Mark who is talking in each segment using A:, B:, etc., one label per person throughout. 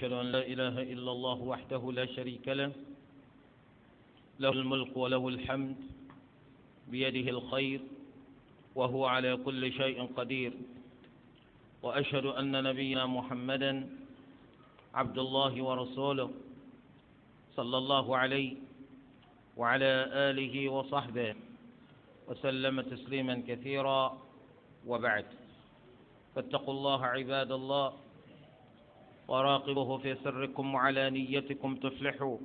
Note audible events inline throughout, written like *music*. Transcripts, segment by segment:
A: أشهد أن لا إله إلا الله وحده لا شريك له له الملك وله الحمد بيده الخير وهو على كل شيء قدير وأشهد أن نبينا محمدا عبد الله ورسوله صلى الله عليه وعلى آله وصحبه وسلم تسليما كثيرا وبعد فاتقوا الله عباد الله وراقبوه في سركم وعلى نيتكم تفلحوا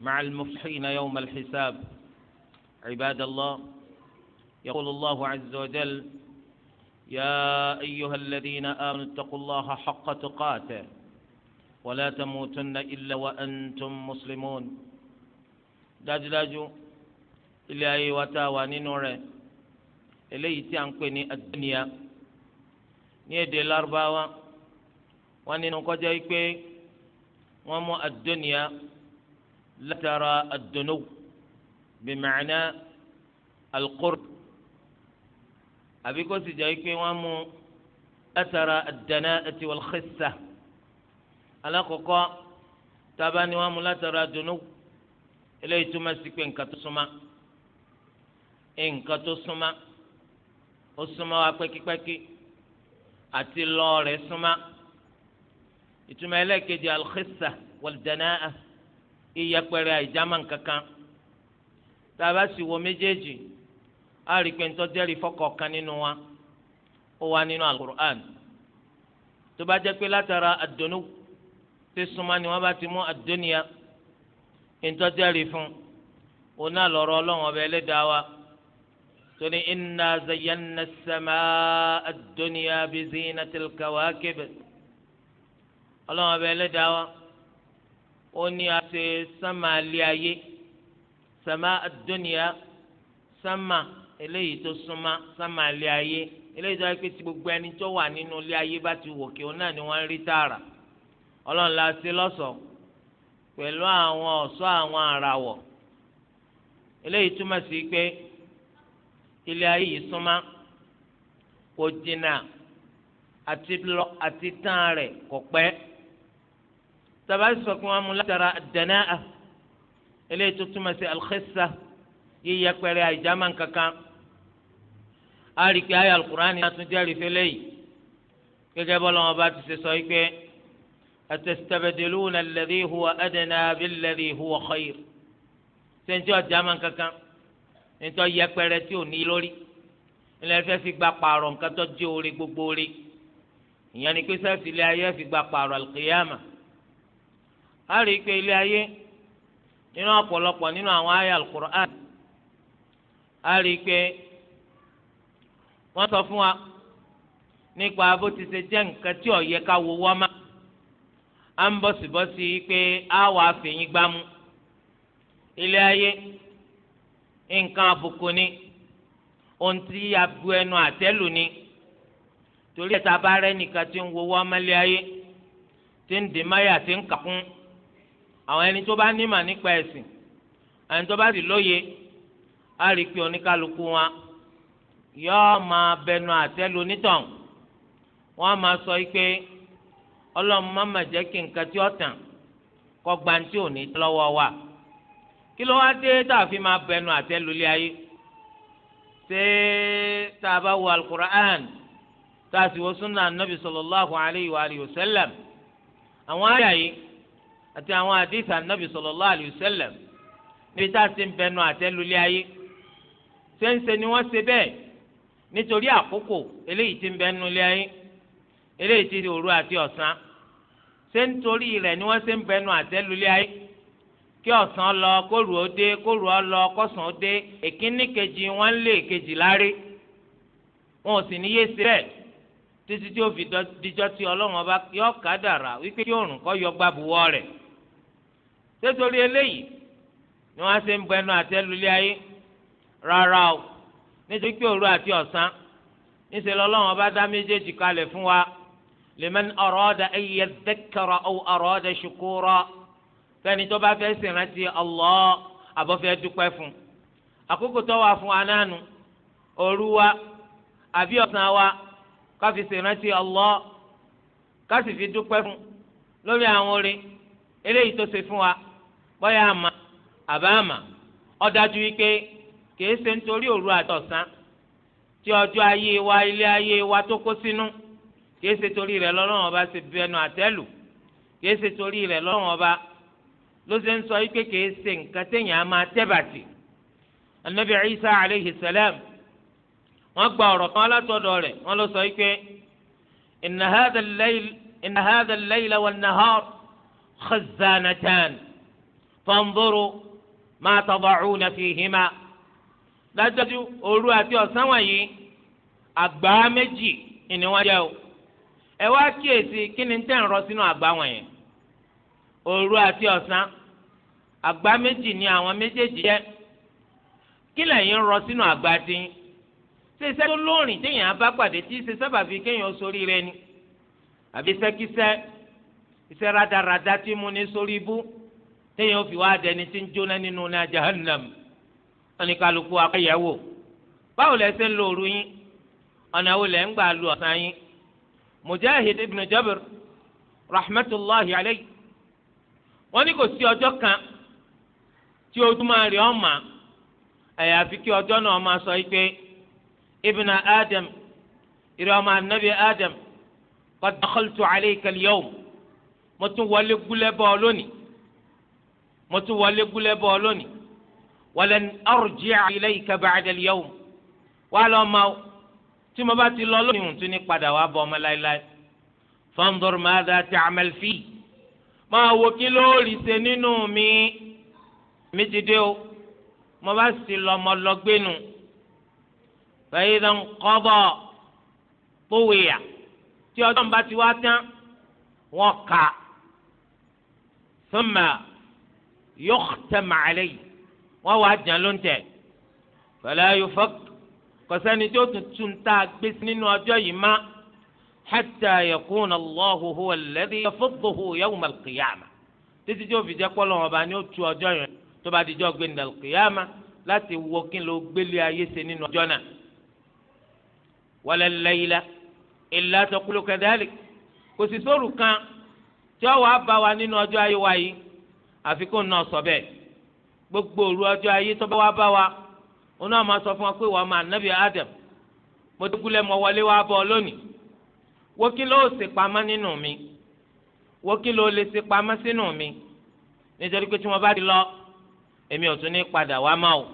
A: مع المفلحين يوم الحساب عباد الله يقول الله عز وجل يا أيها الذين آمنوا اتقوا الله حق تقاته ولا تموتن إلا وأنتم مسلمون dájúdájú ilé إلى أي tá a wà nínú الدنيا نيدي tí wọn nínú kọjá yìí pé wọn mú ad-dunya látara ad-dunuw bima'na al-qurb àbí kó sì jẹ́ pé wọ́n mú látara ad-dana'ati wal-khissa alákọ̀ọ́kọ́ tábà ni wọ́n mú látara ad eléyìí túmọ̀ sí pé nǹkan tó súnmọ́ nǹkan tó súnmọ́ ó súnmọ́ wa pẹ́kípẹ́kí àti lọ́ọ̀rẹ́ súnmọ́ ìtumọ̀ ẹlẹ́ẹ̀kejì alxisa wàlìdánáà ìyẹpẹrẹ àìjámà kankan tá a bá sì wo méjèèjì a rí pé ntọ́ jẹ́rìí fọ́kọ̀ọ̀kan nínú wa ó wà nínú alukur'an tó bá jẹ́ pé látara àdónú tí súnmọ́ ni wọ́n bá ti mú àdóníyà ntọ́ jẹ́rìí fún òun náà lọ́rọ̀ ọlọ́run ọba ẹlẹ́dàá wa tó ní inna àdóníyà bí zinatil kawakib ọlọ́run ọba ẹlẹ́dàá wa ó ní a ṣe sánmà alẹ́ ayé sánmà àdóníyà sánmà eléyìí tó súnmá sánmà alẹ́ ayé eléyìí tó wáyé pé tí gbogbo ẹni tó wà nínú ilé ayé bá ti wòkè òun náà ni wọ́n ń rí tààrà ọlọ́run la ṣe lọ́ṣọ̀ọ́ pẹ̀lú àwọn ọ̀ṣọ́ àwọn àràwọ̀ eléyìí túmọ̀ sí pé ilé ayé yìí súnmá kò jìnnà àti àti tán rẹ̀ kò pẹ́ tàbí sọ pé mú látara dánáà eléyìí tó túmọ̀ sí alxisa yíyẹ pẹ̀lẹ́ àìjámà kankan àríkè ayé alukur'ani náà tún jẹ́rìí fẹ́lẹ́ yìí gẹ́gẹ́ bọ́lá wọn bá ti ṣe sọ wípé atastabadiluna alladhi huwa adana billadhi huwa khayr sẹ́ńtì ọ̀jámà kankan nítorí yẹpẹrẹ tí ò ní lórí ilẹ̀ fẹ́ fi gba pààrọ̀ nǹkan tó jẹ́ orí gbogbo orí ìyẹn ni pé sẹ́fìlẹ̀ ayé fi gba pààrọ̀ alùkìyàmà a rí i pé ilé ayé nínú ọ̀pọ̀lọpọ̀ nínú àwọn àyà alukur'an a rí i pé wọ́n sọ fún wa nípa bó ti ṣe jẹ́ nǹkan tí ó ká wo wọ́n má a ń bọ̀sibọ́sí pé a wà fèyín gbámú ilé ayé nǹkan àbùkù ni ohun tí a ẹnu àtẹ́lù ni torí ẹ̀ta bá rẹ́ nìkan tí ń wo wọ́n mẹ́lẹ́ ayé tí ń dè máyà tí ń kàkún àwọn ẹni tó bá nímà nípa ẹ̀sìn ẹni tó bá sì lóye á rí i pé oníkálukú wọn yóò máa bẹnu àtẹ́ lu nítàn wọ́n máa sọ pé ọlọ́run má mà jẹ́ kí nǹkan tí ó tàn kọ́ gbantí òní lọ́wọ́ wa kí ló wá dé tá a fi máa bẹnu àtẹ́ lu ayé ṣé tá a bá wo alukur'an tá a sì wo sunna anabi sallallahu alayhi wa alihi wa sallam àwọn àyà yìí àti àwọn àdìsí ànábì sallallahu alayhi wa sallam níbi tá a ti ń bẹnu àtẹ́lulí ayé ṣéńṣe ni wọ́n ṣe bẹ́ẹ̀ nítorí àkókò eléyìí ti ń bẹnu lé ayé eléyìí ti òru àti ọ̀sán ṣé nítorí rẹ̀ ni wọ́n ṣe ń bẹnu àtẹ́lulí ayé kí ọ̀sán lọ kóru ó dé kóru ó lọ kọ́sán ó dé èkíní kejì wọ́n lé kejì lárí wọn ò sì ní yé ṣe bẹ́ẹ̀ títí tí ó fi dijọ́ tí ọlọ́run ọba yọ kádàrá wípé yóò rùn kọ́ yọ gbàbùwọ́ rẹ̀ sétorí eléyìí ni wọ́n ṣe ń ẹnu àtẹ́lulẹ̀ ayé rárá o nítorí pé òru àti ọ̀sán níṣẹ́ lọ́lọ́run ọba dá méjèèjì kalẹ̀ fún wa lèmẹ́ni ọ̀rọ̀ ọ̀dà ẹ̀yẹ dẹ́kẹ̀rọ̀ ọ̀rọ̀ ọ̀dà ṣùkúrọ̀ fẹ́ni tó bá fẹ́ sìnrántí Allah àbọ̀fẹ́ dúpẹ́ fún àkókò tó wà fún anánu òru wa àbí ọ̀sán wa sèrántí fi dúpẹ́ fún lórí àwọn orin eléyìí tó ṣe fún wa bọ́yá àmà àbá àmà ọ̀dájú wípé kìí ṣe nítorí òru àtọ̀sán tí ọjọ́ ayé wa ilé ayé wa tó kó sínú kìí ṣe torí rẹ̀ lọ́lọ́run ọba ṣe bẹnu àtẹ́lù kìí ṣe torí rẹ̀ lọ́lọ́run ọba ló ṣe ń sọ wípé kìí ṣe nǹkan téèyàn á máa tẹ́bàtì anabi isa aleyhi salam wọ́n gba ọ̀rọ̀ kan látọ̀dọ̀ rẹ̀ wọ́n ló sọ wípé inna hadha al-layl inna hadha al fanzuru ma tada'una fihima dájọ́jú òru àti ọ̀sán wọ̀nyí àgbá méjì ni wọ́n jẹ́ o ẹ wá kíyèsí kí ni tẹ́ ń rọ sínú àgbá wọ̀nyẹn òru àti ọ̀sán àgbá méjì ni àwọn méjèèjì jẹ́ kí lẹ́yìn ń rọ sínú àgbá tí ń tó lóòrìn téèyàn bá pàdé tí ṣe sábàbí kéèyàn sórí rẹ ni àbí iṣẹ́ iṣẹ́ rádaràda tí mo ní sórí ibú téèyàn fi wá dẹni tí ń jóná nínú náà jahannam ọ̀nì kálukú akẹ́yẹ̀wò báwo lẹ ṣe ń lo òru yín ọ̀nà wo lẹ ń gbà lu ọ̀sán yín mujahid ibn jabir rahmatulahi alayhi wọ́n ní kò sí ọjọ́ kan tí ojú máa rí ọmọ àyàfi kí ọjọ́ náà máa sọ pé ibn adam ìrẹ́ ọmọ anabi adam qad dakhaltu alayka al mo tún wọlé gúlẹ́ bọ́ lónìí mo tún wọlé gúlẹ́ bọ́ ọ lónìí walan arji'a ilayka ba'da al-yawm wà lọ́ ma o tí mo bá ti lọ lónìí mo tún ní padà wà bọ́ ọmọ láéláé fanzur madha ta'mal fi máa wo kí lóòrì ṣe nínú mi mi ti dé o mo bá sì lọ mo lọ gbénu fa idha qada tuwiya tí ọjọ́ ń bá ti wá tán wọ́n kà thumma yukhtam alayhi wọ́n wàá jàn ló ń tẹ̀ fala yufak kọ̀sẹ́ni tó tuntun tá a gbé nínú ọjọ́ yìí má hatta yakuna Allahu huwa alladhi yafudduhu yawm al-qiyama títí tí ó fi jẹ́ pọ́lọ́ wọn bá ní ó tu ọjọ́ yẹn tó bá dijọ́ gbé nínú al láti wọ kí n lọ gbélé ayé ṣe nínú ọjọ́ náà wala layla illa taqulu kan tí ó wàá bá wa nínú ọjọ́ ayé wa yìí àfikún náà sọ bẹ́ẹ̀ gbogbo òru ọjọ́ ayé tó bá wá bá wa òun náà máa sọ fún wa pé wàá máa nábì Adam mo dúkúlẹ̀ mọ wọlé wá bọ̀ lónìí wo kí ló ṣe pamọ́ nínú mi wo ló lè ṣe pamọ́ sínú mi nítorí pé tí wọ́n bá ti lọ èmi ò tún ní padà wá mọ́ o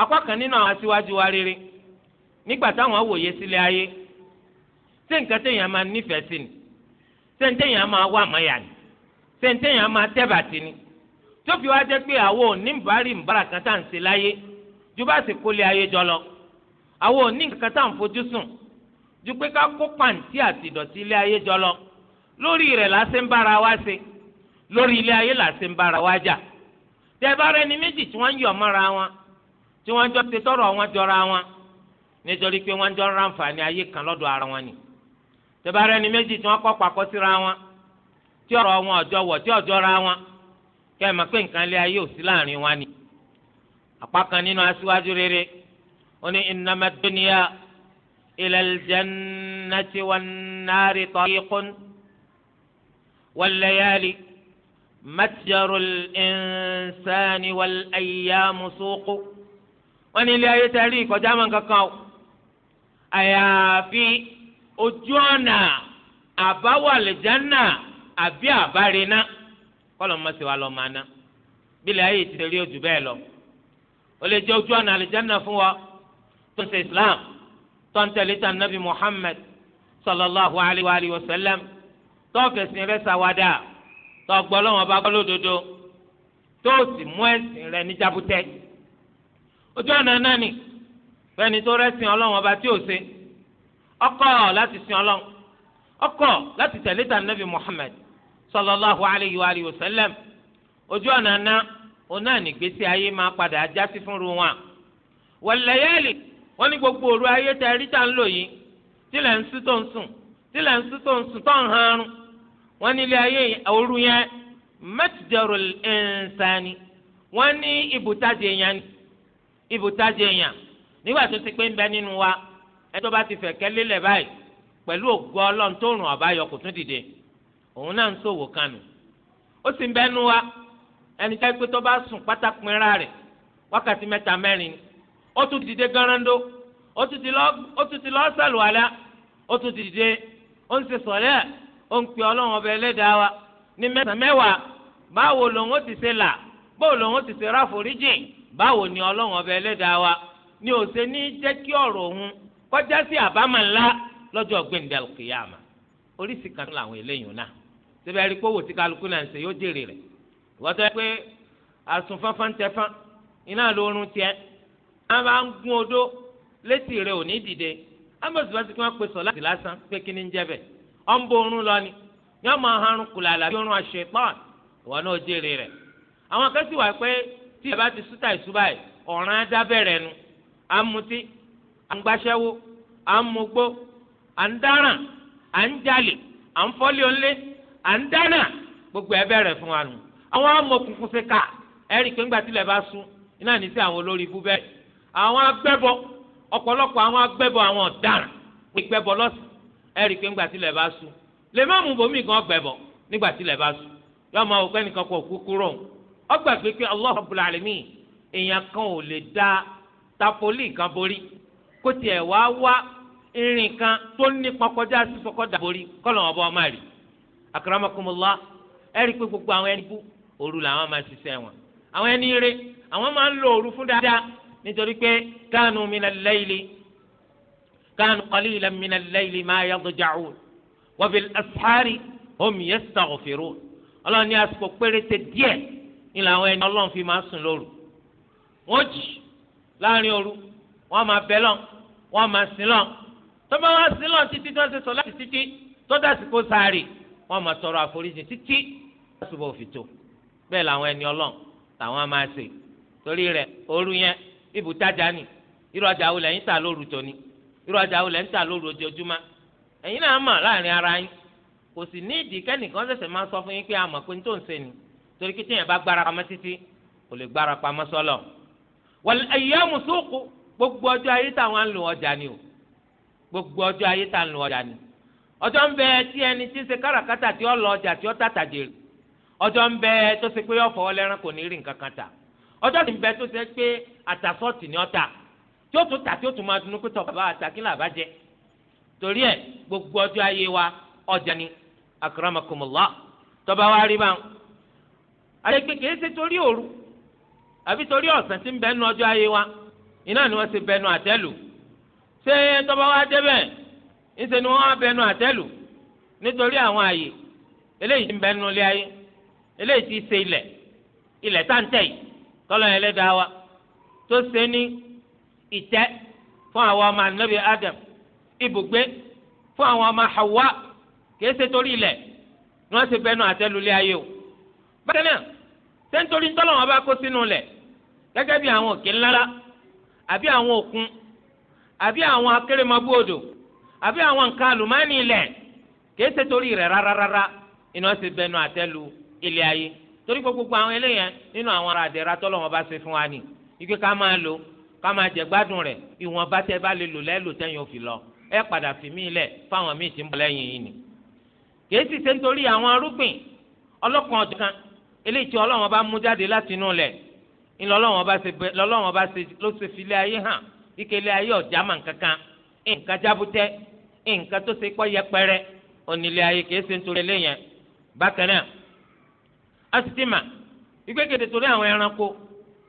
A: apá kan nínú àwọn aṣíwájú wa rere nígbà táwọn wòye sílé ayé ṣé nǹkan téèyàn máa nífẹ̀ẹ́ sí ni ṣé nǹkan téèyàn máa wà mọ́ yà ni sèǹtẹ̀yìn máa tẹ́bàtì ni tó fi wá jẹ́ pé àwọn òní nbàárì nbàrà kan tá à ń ṣe láyé ju bá sì kólé ayé jọ lọ àwọn òní nǹkan tá à ń fojú sùn ju pé ká kó pàǹtí àti ìdọ̀tí ilé ayé jọ lọ lórí rẹ̀ lásẹ̀ ń bára wá ṣe lórí ilé ayé lásẹ̀ ń bára wá jà tẹ́bára ẹni méjì tí wọ́n ń yọ̀ mọ́ra wọn tí wọ́n jọ ṣe tọrọ wọn jọra wọn nítorí pé wọ́n jọ ń ráǹfààní ayé kan lọ́dọ̀ ara wọn ni tẹ́bára ẹni méjì tí wọ́n kọ́ papọ̀ síra wọn tí ọ̀rọ̀ wọn ọjọ́ wọ̀ tí ọjọ́ ra wọn kẹ́ ẹ mọ̀ pé nǹkan lé ayé òsì láàrin wa ni. apá kan nínú aṣíwájú rere ó ní innama dunya ila al-jannati wan-nari tariqun wal-layali matjaru al-insani wal-ayyamu suqu. ní ilé ayé tẹ́lẹ̀ ìkọjá mọ́ nǹkan o àyàfi ojú ọ̀nà àbáwọ̀ àlìjánná àbí àbárená kọ́lọ̀ mọ́ sí wa lọ́ọ́ máa ná bílẹ̀ ayé ti rí ojú bẹ́ẹ̀ lọ ó lè jẹ́ ojú ọ̀nà àlìjáná fún wa tó ń ṣe islam tó ń tẹ̀lé tàn nàbì muhammad sallallahu alayhi wa sallam tó ń fẹ̀sìn rẹ̀ ṣàwádà tó gbọ́ lọ́wọ́ bá gbọ́ lódodo tó sì mú ẹ̀sìn rẹ̀ ní jábútẹ́ ojú ọ̀nà náà ni fẹ́ni tó rẹ́sìn ọlọ́wọ́n bá tí ò ṣe ọkọ̀ láti sìn ọlọ́wọ́ ọkọ̀ láti tẹ̀lé tàn nàbì muhammad sallallahu alayhi wa alihi wa sallam ojú ọ̀nà ná òun náà nìgbésí ayé máa padà já sí fúnru wọn. wàlẹ́yẹ́lì wọ́n ní gbogbo òru ayé tẹ ẹ̀rí tá ń lò yìí tílẹ̀ ń sún tó ń sùn tílẹ̀ ń sún tó ń sùn tó ń hanrun wọ́n ní ilé ayé òru yẹn mẹ́tìdẹ̀rù ẹ̀ǹsánì wọ́n ní ibùtajì èèyàn ní ibùtajì èèyàn nígbà tó ti pé ń bẹ nínú wa ẹjọ́ bá ti fẹ̀kẹ́ lélẹ̀ báyìí pẹ̀lú ògo ọlọ́run tó rùn ọ̀bá yọ tún dìde òun náà ń kanu ó sì ń bẹnu wa ẹni tá pé tó bá sùn pátákùnrinra rẹ̀ wákàtí mẹ́ta mẹ́rin ó tún ti dé gánrandó ó tún ti lọ ó ó tún ti dé ó ń ṣe ó ń pè ọlọ́run ọba ẹlẹ́dàá wa ní mẹ́sàn-án mẹ́wàá báwo lòun ó ti ṣe là báwo lòun ó ti ṣe báwo ni ọlọ́run ọba ẹlẹ́dàá wa ni ò ṣe ní jẹ́ kí ọ̀rọ̀ òun kọjá sí àbámọ̀ ńlá lọ́jọ́ síbẹ̀ ẹ̀rí pé owó tí kálukú náà ń ṣe yóò jèrè rẹ̀ ìwọ́tọ́ ẹ pé àsùn fánfán tẹ fán iná lóorun tiẹ̀ wọ́n bá ń gún odó létí rẹ̀ ò ní dìde amọ̀sí bá ti kí wọ́n pe sọ láti lásán pé kí ni ń jẹ́ bẹ̀ ọ́ ń bo oorun lọ ni yọ́n máa harun kùlà àlàbí oorun àṣẹ pọ́n ìwọ náà jèrè rẹ̀ àwọn kan wà pé tí ìyàbá ti sútà ìṣúbà yìí ọ̀ràn á bẹ̀rẹ̀ nu à ń mutí à ń gbaṣẹ́wó à ń mugbó à ń dáràn à ń jalè à ń fọ́lé ọ̀nlé à ń dáná gbogbo ẹ bẹ̀rẹ̀ fún wa nù àwọn amọ̀kùnkùn ṣe ká ẹ̀rí pé ńgbà tílẹ̀ bá sún iná ní sí àwọn olórí ibú bẹ́ẹ̀ àwọn agbẹ́bọ ọ̀pọ̀lọpọ̀ àwọn agbẹ́bọ àwọn ọ̀daràn ìgbẹ́bọ lọ́sàn ẹ̀rí pé ńgbà tílẹ̀ bá sún lè má mú bòmí gan gbẹ́bọ nígbà tílẹ̀ bá sún yọ ọmọ òkè nìkan kọ kúkúrò ọgbà pé pé Allah Rabbul Alamin èèyàn kan tapoli kan borí kó tiẹ̀ wá wá irin kan tó nípa kọjá sísọkọ́ dàborí kọ́ akramakumullah ẹ̀rí pé gbogbo àwọn ẹni kú òru làwọn máa ṣiṣẹ́ wọn àwọn ẹni ire àwọn máa ń lo òru fún dáadáa nítorí pé kanu minal layli kanu qalilan minal layli ma yadja'un wa bil ashari hum yastaghfirun ọlọ́run ní àsìkò péréte díẹ̀ ní làwọn ẹni ọlọ́run fi máa sùn lóru wọ́n jì láàrin òru wọ́n máa bẹ́ lọ wọ́n máa sin lọ tọ́ba wá sin lọ títí tí wọ́n ti sọ láti títí tó dàsìkò sáré wọ́n máa tọrọ àforíjì títí lásùbọ̀ òfin tó bẹ́ẹ̀ làwọn ẹni ọlọ́n làwọn máa ṣe torí rẹ̀ òru yẹn ibùtajà ni irú ọjà wo lẹ́yìn tà lóru tòní irú ọjà wo lẹ́yìn tà lóru ojoojúmọ́ ẹ̀yin náà mọ̀ láàrin ara yín kò sì ní ìdí kẹ́nìkan ṣẹ̀ṣẹ̀ máa sọ fún yín pé a mọ̀ pé ní tó ń ṣe ni torí kí tíyẹn bá gbára pamọ́ títí kò lè gbára pamọ́ sọ́lọ̀ wal ayyamu suuqu gbogbo ọjọ́ ayé táwọn ń lo ọjà ni o gbogbo ọjọ́ ayé táwọn ń lo ọjà ni ọjọ́ ń bẹ ẹni tí ń ṣe tí ó lọ ọjà tí ó tàtà jèrè ọjọ́ ń bẹ tó ṣe pé ó fọwọ́ lẹ́rán kò ní rí nǹkan tà ọjọ́ sì ń bẹ tó ṣe pé àtàsọ́ọ̀tì ni ó tà tí ó tún tà máa dunú pé tọ́ba gbogbo ọjọ́ ayé wa ọjà ni tọ́ba wa rí bá ń ayé pé kìí ṣe torí òru àbí torí ọ̀sán tí ń bẹ́ẹ̀ nu ọjọ́ ayé wa iná ńṣe ni wọ́n á bẹnu àtẹ́lù nítorí àwọn àyè eléyìí ti ń bẹnu lé ayé eléyìí ti ṣe ilẹ̀ ilẹ̀ táǹtẹ̀ yìí tọ́lọ́ yẹn lẹ́dàá wa tó ṣe ní ìtẹ́ fún àwọn ọmọ anabi adam ibùgbé fún àwọn ọmọ hawa kìí ṣe torí ilẹ̀ ni wọ́n ṣe bẹnu àtẹ́lù lé ayé o bákan náà ṣé nítorí tọ́lọ́ wọn bá kó sínú lẹ̀ gẹ́gẹ́ bí àwọn òkè ńlára àbí àwọn òkun àbí àwọn akérèmọ́bú odò àbí àwọn nǹkan àlùmánì ilẹ̀ kìí ṣe torí rẹ̀ rárára iná ṣe bẹnu àtẹ́lu ilé ayé torí gbogbo àwọn eléyẹn nínú àwọn ará àdẹ̀rà tọ́lọ́wọ́n bá ṣe fún wa ni ike ká máa lò ká máa jẹ gbádùn rẹ̀ ìwọ̀n bá tẹ́ bá lè lò lẹ́lò tẹ́yìn òfin lọ ẹ padà fi mí lẹ̀ fáwọn míì tí ń bọ̀ lẹ́yìn yìí ni kìí sì ṣe nítorí àwọn arúgbìn ọlọ́kan ọ̀dọ́kan eléyìí tí ọlọ́wọ́n bá mú jáde láti inú lẹ̀ ńlọ́lọ́wọ́n bá ṣe ló ṣe filé ayé hàn ike ilé ayé ọ̀já màn kankan nǹkan jábútẹ́ nǹkan tó ṣe pọ́ yẹpẹrẹ onílé ayé kìí ṣe nítorí eléyẹn bákan náà asitima ìgbẹ́gẹ̀dẹ̀ torí àwọn ẹranko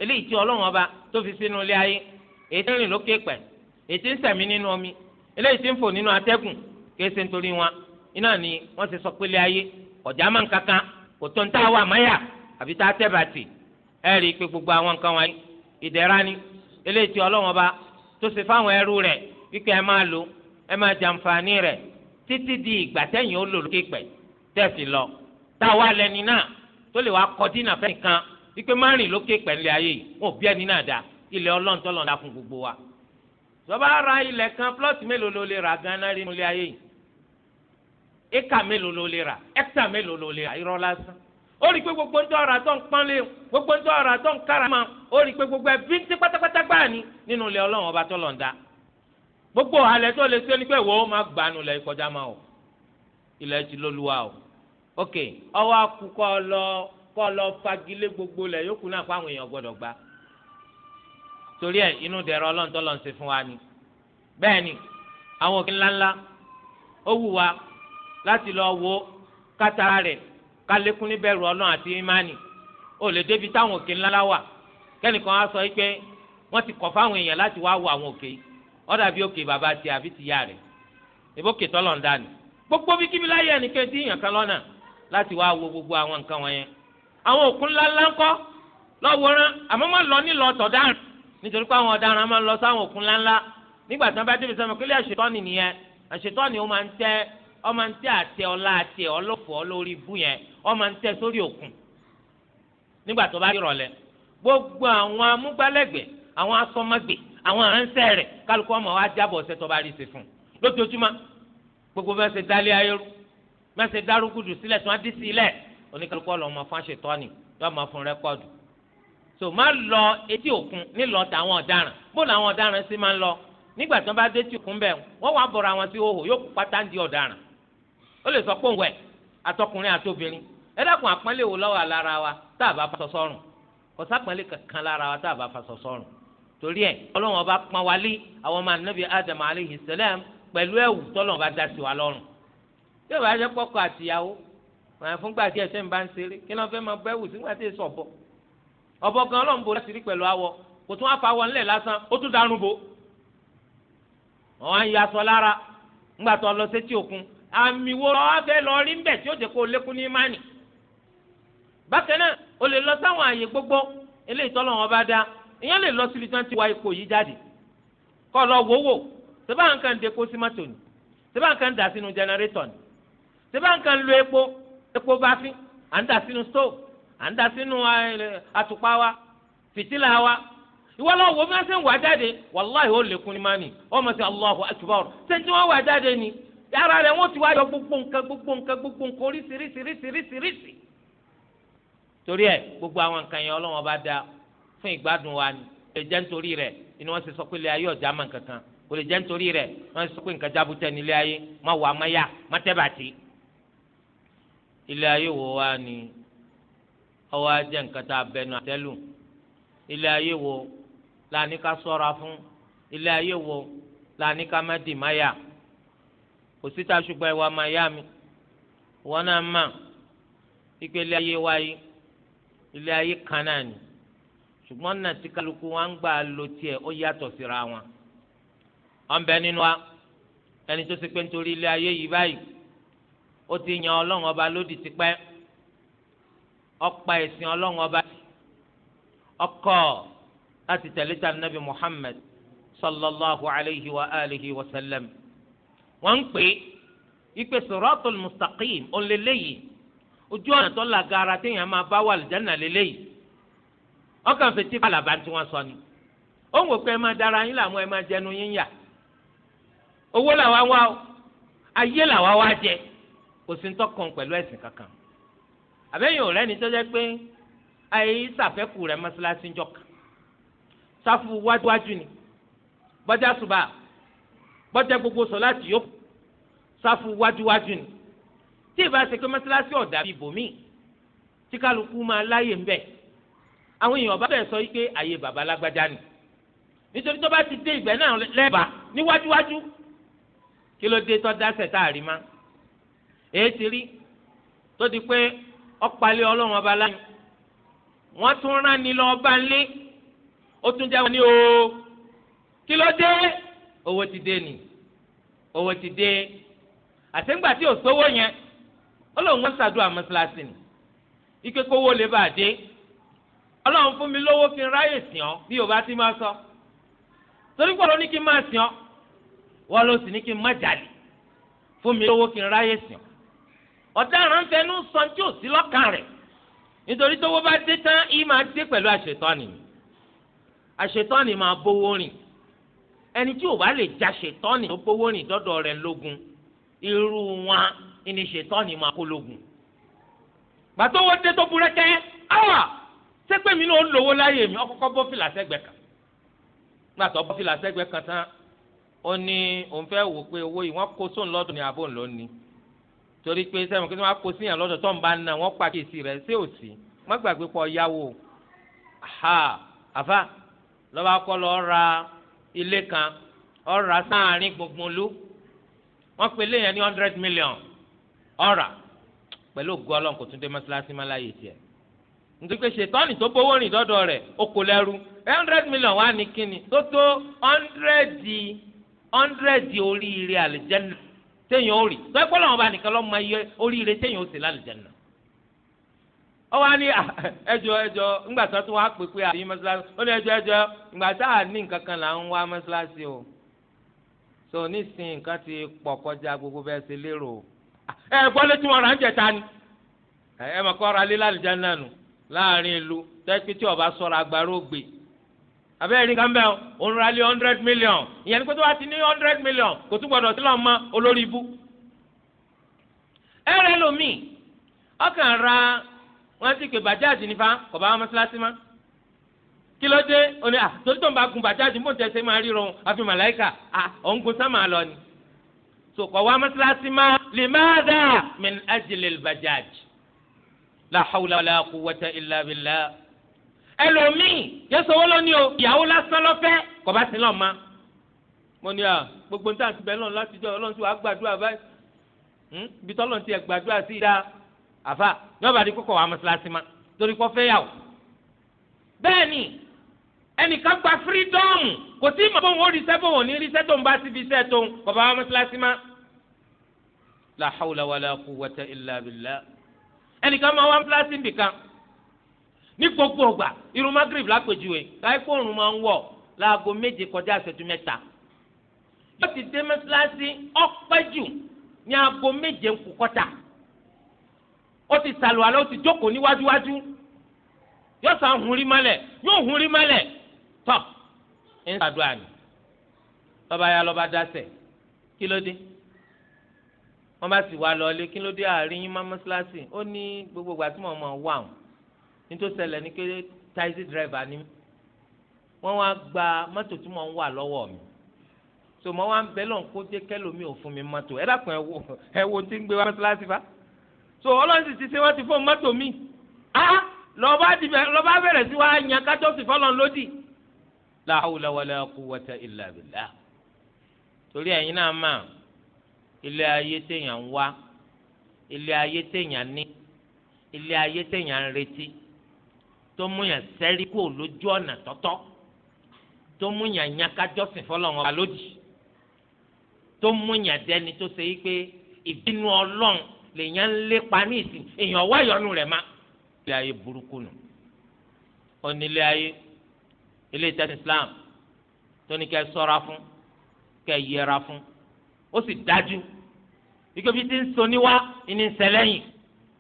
A: eléyìí tí ọlọ́run ọba tó fi sínú ilé ayé èyí tí ń rìn lókè pẹ̀ èyí tí nínú omi eléyìí tí ń fò nínú atẹ́gùn kìí ṣe nítorí wọn iná ni wọ́n ti sọ pé ilé ayé ọ̀já máa ń kankan kò tó ń tá a wà máyà àbí tá a tẹ́ gbogbo wípé ẹ máa lò ẹ máa jàǹfààní rẹ̀ títí di ìgbà tẹ̀yìn ó lò lókè pẹ̀ tẹ̀sí lọ tá a wá lẹni náà tó lè wá kọ dínà fẹ́ nìkan wípé má rìn lókè pẹ̀ ńlẹ̀ ayé yìí wọn ò bí ẹni náà dá ilẹ̀ ọlọ́ntọ́lọ́ dá fún gbogbo wa. ìjọba ra ilẹ̀ kan plọ́ọ̀tì mélòó ló lè rà gánà rí nulẹ̀ ayé yìí éka mélòó ló lè rà ẹ́kítà mélòó ló lè rà irọ́ lásán ó rí i pé gbogbo ńdọ́ ọ̀rà tó ń pọ́nlé gbogbo ńdọ́ ọ̀rà tó ń kára máa ó rí i pé gbogbo ẹbí ń tí pátápátá gbáà ní nínú ilé ọlọ́run ọba tó lọ́ọ̀dá gbogbo àlẹ́ tó lè ṣe ni pé wọ́n máa gbanu lẹ̀ kọjá máa o ilẹ̀ ti lóluwa o ok ọwọ́ akú kọ́ lọ kọ́ lọ fagilé gbogbo lẹ̀ yókù náà kó àwọn èèyàn gbọ́dọ̀ gbà torí ẹ̀ inú dẹ̀rọ ọlọ́run tó lọ́n ṣe fún wa ni bẹ́ẹ̀ ni àwọn òkè ńláńlá ó wù wá láti lọ wo kátàrà rẹ̀ kálékún níbẹ̀rù ọlọ́run àti ìmánì ó lè débi táwọn òkè ńláńlá wà kẹ́nìkan á sọ pé wọ́n ti kọ̀ fáwọn èèyàn láti wá wo àwọn òkè yìí ọ dàbí òkè bàbá tiẹ̀ àbí ti yá rẹ̀ èbó kè tọ́lọ̀ ń dání gbogbo bí kíbi láyé ẹnìkan tí èèyàn kan lọ́nà láti wá wo gbogbo àwọn nǹkan wọ̀nyẹn àwọn òkun ńláńlá ńkọ́ lọ́wọ́rán àmọ́ má lọ nílọ tọ̀daràn nítorí pé àwọn ọ̀daràn máa ń lọ sáwọn òkun ńláńlá nígbà tí wọ́n bá débi sọ́mọ kílẹ̀ àṣetọ́ni nìyẹn àṣetọ́ni ó máa ń tẹ́ ó àtẹ ọlá àtẹ ọlọ́fọ̀ lórí ibú yẹn ó máa ń tẹ́ sórí òkun nígbà tó bá rọlẹ̀ gbogbo àwọn amúgbálẹ́gbẹ̀ẹ́ àwọn asọ́mọ́gbẹ̀ẹ́ àwọn aránṣẹ́ rẹ̀ kálukú ọmọ wa jábọ̀ ọ̀sẹ̀ tó bá rí ṣe fún un lójoojúmọ́ gbogbo bẹ́ẹ̀ ṣe dálé ayélu bẹ́ẹ̀ ṣe dárúkúdù sílẹ̀ tí wọ́n dí sílẹ̀ oníkálukú ọ̀lọ́ ọmọ fún aṣetọ́ni yóò máa fún rẹ́kọ́ọ̀dù so má lọ etí òkun nílọ tàwọn ọ̀daràn bó làwọn ọ̀daràn sì máa ń lọ nígbà tí wọ́n bá dé etí òkun bẹ́ẹ̀ wọ́n wá bọ̀rọ̀ àwọn sí hòhò yóò pátá ń di ọ̀daràn ó lè sọ pé òun wẹ̀ àtọkùnrin àtobìnrin ẹ dákun àpọ́nlé wo lọ́wọ́ lára wa tá a bá fa sọ sọ́run kò sápọ́nlé kankan lára wa tá a bá fa sọ sọ́run torí ẹ ọlọ́run ọba pọn wa lé àwọn ọmọ anabi adam aleyhi salam pẹ̀lú ẹ̀wù tọ́lọ́run bá da wa lọ́rùn tí o bá jẹ́ pọ́kọ àtìyàwó wọn fúngbà tí ẹsẹ̀ ń bá ń ṣeré kí ló ń fẹ́ máa bọ́ ẹ̀wù sígbà tí èso ọ̀bọ ọ̀bọ gan ọlọ́run bo láti rí pẹ̀lú awọ kò tún afa wọn lẹ̀ lásán ó tún darun bo wọn ya sọ lára ńgbà tó lọ sétí òkun àmì wo lọ wá fẹ́ lọ rí mbẹ̀ tí ó jẹ́ kó lékún ní mánì bákan náà o lè lọ sáwọn àyè gbogbo eléyìí tọ́lọ́run ọba dá èèyàn lè lọ síbi tí wọ́n ti wá epo yìí jáde kọ́ lọ wò wò sẹ́bà nǹkan ń depo símọ́tò ni sẹ́bà nǹkan ń dà sínú jẹnẹrétọ̀ ni sẹ́bà nǹkan lo epo epo bá fín à ń dà sínú stove à ń dà sínú eh, àtùpà wa fìtílà wa ìwọ lọ wo bí wọ́n ṣe ń wá jáde wàláhì ó lékún ní mání ọmọ sí Allahu akbar sẹ́ńtì wọ́n wá jáde ni yàrá rẹ̀ wọ́n ti wá yọ gbogbo nǹkan gbogbo nǹkan gbogbo nǹkan oríṣiríṣiríṣiríṣi torí ẹ̀ gbogbo àwọn nǹkan yẹn ọlọ́wọ́n bá dáa fún ìgbádùn wa ni kò lè jẹ́ nítorí rẹ̀ inú wọn ṣe sọ pé ilé ayé ọ̀já mọ̀ kankan kò lè jẹ́ nítorí rẹ̀ wọn ṣe sọ pé nǹkan jábútẹ́ ní ilé ayé má wà má yá má tẹ́ bàtì. ilé ayé wo wa ni ọwọ́ ajẹ́ nǹkan tá a bẹnu àtẹ́lù ilé ayé wo la ní ká sọ́ra fún ilé ayé wo la ní ká má dì má yá kò síta ṣùgbọ́n ìwà má yá mi wọn náà mà ìpele ayé wa yìí ilé ayé kan náà ni ṣùgbọ́n náà tí kálukú wọn ń gbà lo tiẹ̀ ó yàtọ̀ síra wọn. wọn bẹ nínú wa ẹni tó ṣe pé nítorí ilé ayé yìí báyìí ó ti yan ọlọ́run ọba lódì tipẹ́ ọ̀pá ẹ̀sìn ọlọ́run ọba ọkọ̀ láti tẹ̀lé ta nabi Muhammad sallallahu alayhi wa alihi wa sallam wọ́n ń pè é ìpè siratul mustaqim ojú ọ̀nà tó làgàrà téèyàn máa bá wà lìjánà lélẹ́yìí ọkàn fetí balaba tí wọ́n sọ ni ó ń wò pé ẹ máa dára yín làwọn ẹ máa jẹnu yín yà owó làwa wá o ayé làwa wá jẹ kò sí ntọ́kàn pẹ̀lú ẹ̀sìn kankan àbẹ́yìn ò rẹ́ni tó jẹ́ pé ayé sàfẹ́kù rẹ̀ mọ́ṣáláṣí jọ kan sáfù wájúwájú ni bọ́jà ṣùbà bọ́jà gbogbo sọ láti yókù sáfù wájúwájú ni tí ìbá mọ́ṣáláṣí ọ̀dà bíi bòmíì tí kálukú máa láyè ń bẹ́ẹ̀ àwọn èèyàn bá bẹ̀rẹ̀ sọ yìí pé àyè bàbá lágbájá ni nítorí tó bá ti dé ìgbẹ́ náà lẹ́bàá níwájúwájú kí ló dé tó dáṣẹ̀ tá a èyí ti rí tó di pé ọ̀pálẹ̀ ọlọ́run ọba láyìn wọ́n tún rán ni lọ́ọ́ bá ń lé ó tún jẹ́ wọn ní o kí ló dé owó ti dé ni owó ti dé àtẹ̀ǹgbà tí ò sówó yẹn ó lóun wọ́n ṣàdúrà mọ́ṣáláṣí ni ike kówó lè bàa dé ọlọ́run fún mi lówó kí n ráyè sìn ọ́ bí yorùbá ti máa sọ torí pọ̀ ló ní kí n máa sìn ọ́ wọ́n ló sì ní kí n má jalè fún mi lówó kí n ráyè sìn ọ́ ọ̀daràn fẹnu sàn tí ò sí lọ́kàn rẹ̀ nítorí tó wọ́n bá dé tán yìí máa dé pẹ̀lú àṣetọ́ni àṣetọ́ni máa bówó rìn ẹni tí ò bá lè ja ṣetọ́ni tó bówó rìn dọ́dọ̀ rẹ̀ lógun irú wọn ni ṣetọ́ni máa kó lógun gbàtọ́ dé tó burẹ́kẹ́ áwà sẹ́gbẹ́ mi náà lówó láyè mi ọkọ̀kọ́ bọ́ fìlà sẹ́gbẹ́ kan gbàtọ́ bọ́ fìlà sẹ́gbẹ́ kan tán ó ní òun fẹ́ wò pé owó yìí wọ́n kó sóun lọ́dún ní abóun lónìí torí pé sẹ́wọ̀n kí wọ́n á kó síyàn lọ́dún tó ń bá na wọ́n pàkíyèsí rẹ̀ sí òsì wọ́n gbàgbé pọ̀ yáwó ha àfa lọ́ba kọ́ lọ ra ilé kan ọ̀rà sáàárín gbùngbùn lú wọ́n pe léyìn ní hundred million ọ̀rà pẹ̀lú ògùn ọlọ́run kò tún dé mọ́ṣáláṣí nítorí ṣètọ́nì tó gbowó ni dọ́dọ̀ rẹ̀ ó kò lẹ́rú hundred million wà ní kíni tó tó hundred hundred oríire àlìjẹ́nà téèyàn ó rí tó ẹgbẹ́ oriire bá nìkan lọ́mọ iye oríire ni ó sì lálìjẹ́nà. ó wa ní ah, a ẹjọ ńgbà tó tó wá pé pé ni mọ́ṣáláṣí ó nwa ẹjọ nǹkan kan là ń wá o so nísìnyí nǹkan ti pọ̀ kọjá gbogbo bẹ́ẹ̀ ṣe lérò ah, ẹ gbọ́dọ̀ tí wọ́n rà ń jẹ̀ta ni ẹ mọ̀ kọ́ ra lé nù láàrin ìlú tẹ́pẹ́ tí ọba sọ̀rọ̀ agbára ògbè abẹ́rẹ́ nǹkan bẹ́ẹ̀ òun ra lé hundred million ìyẹn ní pé tó bá ti ní hundred million kò tún gbọdọ̀ sílọ̀ mọ́ olórí ibú. ẹ rẹ lómi ọkàn ra wọn ti pè bàjáàjì nífa kò bá wọn mọ́sálásí mọ́ kí ló dé oní à ah, torí tó ń bá gun bàjáàjì mò ń tẹ̀sẹ̀ máa ríro àfi màláìka à òun gun sámà lọ ni. sòkò wa mọ́sálásí mọ́ lè min ajilil bàjáàjì la hawla wala quwwata illa billah ẹlòmíì yẹsọ wọn lọ ní o ìyàwó lásán lọfẹ kò bá sí lọ ma mo ní à gbogbo níta ti bẹ́ẹ̀ lọ́n láti jọ ọlọ́run tí wàá gbàdúrà báyìí hmm? bí tọ́lọ́n ti ẹ̀ gbàdúrà sí ìdá àfà yóò bá di kókò wà mọ́sálásí ma torí kọ́ fẹ́ yà o. bẹ́ẹ̀ni ẹnìkan gba fírídọ́ọ̀mù kò tí màbọ̀ wọn ò rí sẹ́bọ̀ wọn ní rí sẹ́tọ̀ bá síbi sẹ́tọ̀ kò bá wà mọ́sálásí ma. la hawla wala quwwata illa billah ẹnìkan máa wá ń pílásì nìkan ní gbogbo ọgbà irun magrib lápèjúwe láì pé òòrùn máa ń wọ̀ láago méje kọjá ìṣẹ́jú mẹ́ta yóò ti dé mẹ́sàlásì ọpẹ́ jù ní aago méje ńkù kọ́tà ó ti sàlùwàlà ó ti jókòó níwájúwájú yóò sàn hun rí mọ́lẹ̀ yóò hun rí mọ́lẹ̀ tọ́ ń sàdúrà ni lọ́ba ya lọ́ba dásẹ̀ kí ló dé wọ́n bá sì wá lọ ilé kí ló dé àárín yín mọ́mọ́síláṣí ó ní gbogbo ìgbà tí mo mọ̀ wá àwọn nítorí ṣẹlẹ̀ ní pé táìsì dírẹ́fà ni wọ́n wá gba mọ́tò tí mo ń wà lọ́wọ́ mi so mo wá ń bẹ́ lọ́n kó jẹ́ kẹ́lòmí ò fún mi mọ́tò ẹ dákun ẹ wo ẹ wo tí ń gbé wá mọ́síláṣí fa so ọlọ́run sì ti ṣe wọ́n ti fún mọ́tò mi ah lọ́ba bẹ̀rẹ̀ sí wa yan kájọ́ sì fọ́lọ́n ilé ayé téèyàn ń wá ilé ayé téèyàn ní ilé ayé téèyàn ń retí tó mú yàn sẹ́rí kó lójú ọ̀nà tọ́tọ́ tó mú yàn nyakajọ́sìn fọlọ́run ọba lódì tó mú yàn dẹni tó ṣe wípé ìbínú ọlọ́run lèyàn ń lépa ní ìsìn èèyàn wá ìyọnu rẹ̀ má. ilé ayé burúkú nù onílé ayé ilé ìtẹ́sí Islam tó ní kẹ́ sọ́ra fún kẹ́ yẹra fún ó sì dájú ike bí ti ń so níwá ní ń sẹlẹ́yìn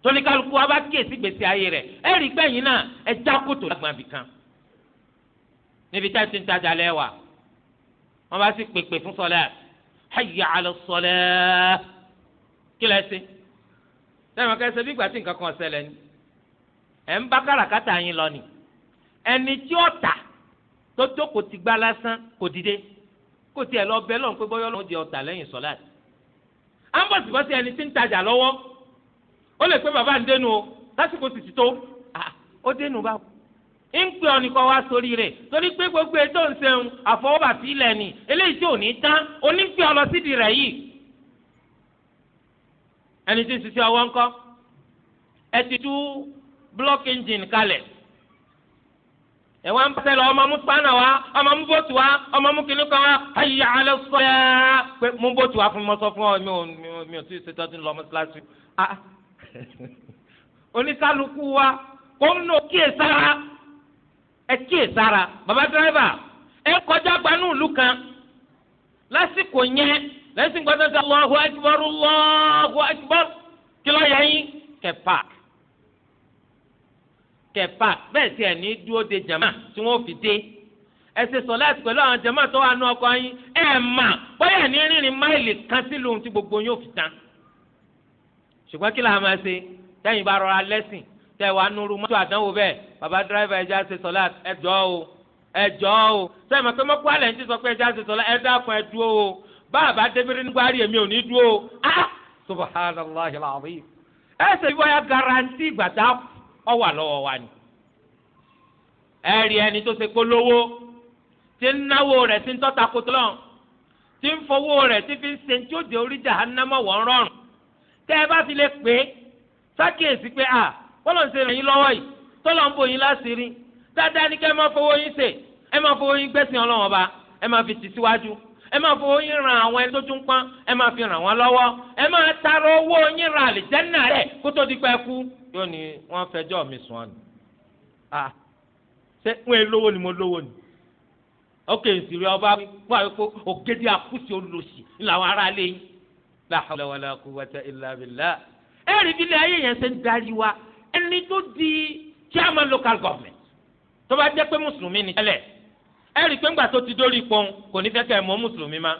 A: tóníkàlùkù wa bá kíyèsí gbèsè ayé rẹ̀ ẹ rí gbẹ̀yìn náà ẹ já kòtò lágbọ̀n àbí kan níbi tá a ti ń tajà lẹ́wà wọ́n bá sì pèpè fún sọlẹ́ hayya ala sọlẹ́ kí lẹ́sìn sẹ́wọ̀n kẹsẹ̀ bí gbàtí nǹkan kan ṣẹlẹ̀ ni ẹ̀ ń bá káràkátà yín lọ ni ẹni tí ó tà tó jókòó ti gbá lásán kò dìde kó tiẹ̀ lọ bẹ lọ́n pé bọ́yọ́ lọ́n jẹ ọ̀tà lẹ́yìn sọ́láàtì. à ń bọ̀ sí bọ́sí ẹni tí ń tajà lọ́wọ́ ó lè pé bàbá ń dénú o lásìkò títí tó ó dénú báwo. ń pè ọ́ nìkan wá sórí rẹ̀ torí pé gbogbo ètò ń ṣeun àfọwọ́bàtì ilẹ̀ eléyìí tí ò ní tán onípè ọ lọ sídìí rẹ̀ yìí. ẹni tí ń ṣiṣẹ́ ọwọ́ ńkọ́ ẹ ti tú block engine kalẹ̀ ẹ wá ń pẹ́ lọ ọmọ mú spanà ọmọ mú ọmọ mú kìnnìún kan wá ayé alẹ́ sọ yá pé mú fún mi sọ fún ọ mi ò mi ò tí ì ṣètò ọdún wa kò ń sára ẹ kíyè sára bàbá ẹ kọjá gbanú ìlú kan lásìkò yẹn lẹ́sìn gbọ́dọ̀ sọ kí yẹ yín kẹfà bẹ́ẹ̀ tí ẹ̀ ní dúró de jama tí wọ́n fi dé ẹ ṣe sọláàtì pẹ̀lú àwọn jama tó wà nù ọkọ yín ẹ̀ mà bóyá ní rìnrìn máìlì kan sílùú tí gbogbo yóò fi tán ṣùgbọ́n kí làá máa ṣe tẹ́yìn bá rọra lẹ́sìn tẹ́ wàá nuru mọ́tò àdánwò bẹ́ẹ̀ bàbá dírẹ́fà ẹja ṣe sọláàtì ẹjọ́ o ẹjọ́ o sẹ́yìn mọ̀ pé mọ́kú alẹ́ ń ti sọ pé ẹja ṣe sọláàtì ẹ dákun ẹ dúró o báàbá débìrì nígbàrí èmi ò ní dúró o ah subhanallah alazim ẹ ṣe ìwọ ya garanti gbàdáàpù ọ wà lọ́wọ́ wa ni ẹ rí ẹni tó ṣe kó lówó tí ń náwó rẹ̀ sí ń tọ́ta kótólọ́ tí ń fowó rẹ̀ tí fi ń ṣe tí ó dé orí jahannama wọ̀ ń rọrùn tẹ́ ẹ bá fi lè pè sákìyèsí pé à bọ́lọ̀ ń ṣe ràn yín lọ́wọ́ yìí tọ́lọ̀ ń bò yín láṣìírí dáadáa ní kẹ́ ẹ máa fowó yín ṣe ẹ máa fowó yín gbẹ́sìn ọlọ́wọ́n ẹ máa fi tì síwájú ẹ máa fowó yín ran àwọn ẹni tó tún pọ́n ẹ máa fi ràn wọ́n lọ́wọ́ ẹ máa taro owó yín ran àlìjẹ́nà rẹ̀ kó tó di pẹ́ kú. yóò ní wọ́n fẹjọ́ mi sùn ọ́nù. a ṣé ń wọ́n lówó ni mo lówó ni. ókè ìsìrí ọba wà wípé ògèdè àkúsì olùsì làwọn ará lé yín. la hawla wala quwwata illa billah. ẹ rí bí ilé ayé yẹn ṣe ń darí wa ẹni tó di chairman local government tó bá jẹ́ pé mùsùlùmí ni tẹ́lẹ̀ ẹ rí i pé ńgbà tó ti dórí ipò òun kò ní fẹ́ kẹ́ ẹ mọ́ mùsùlùmí má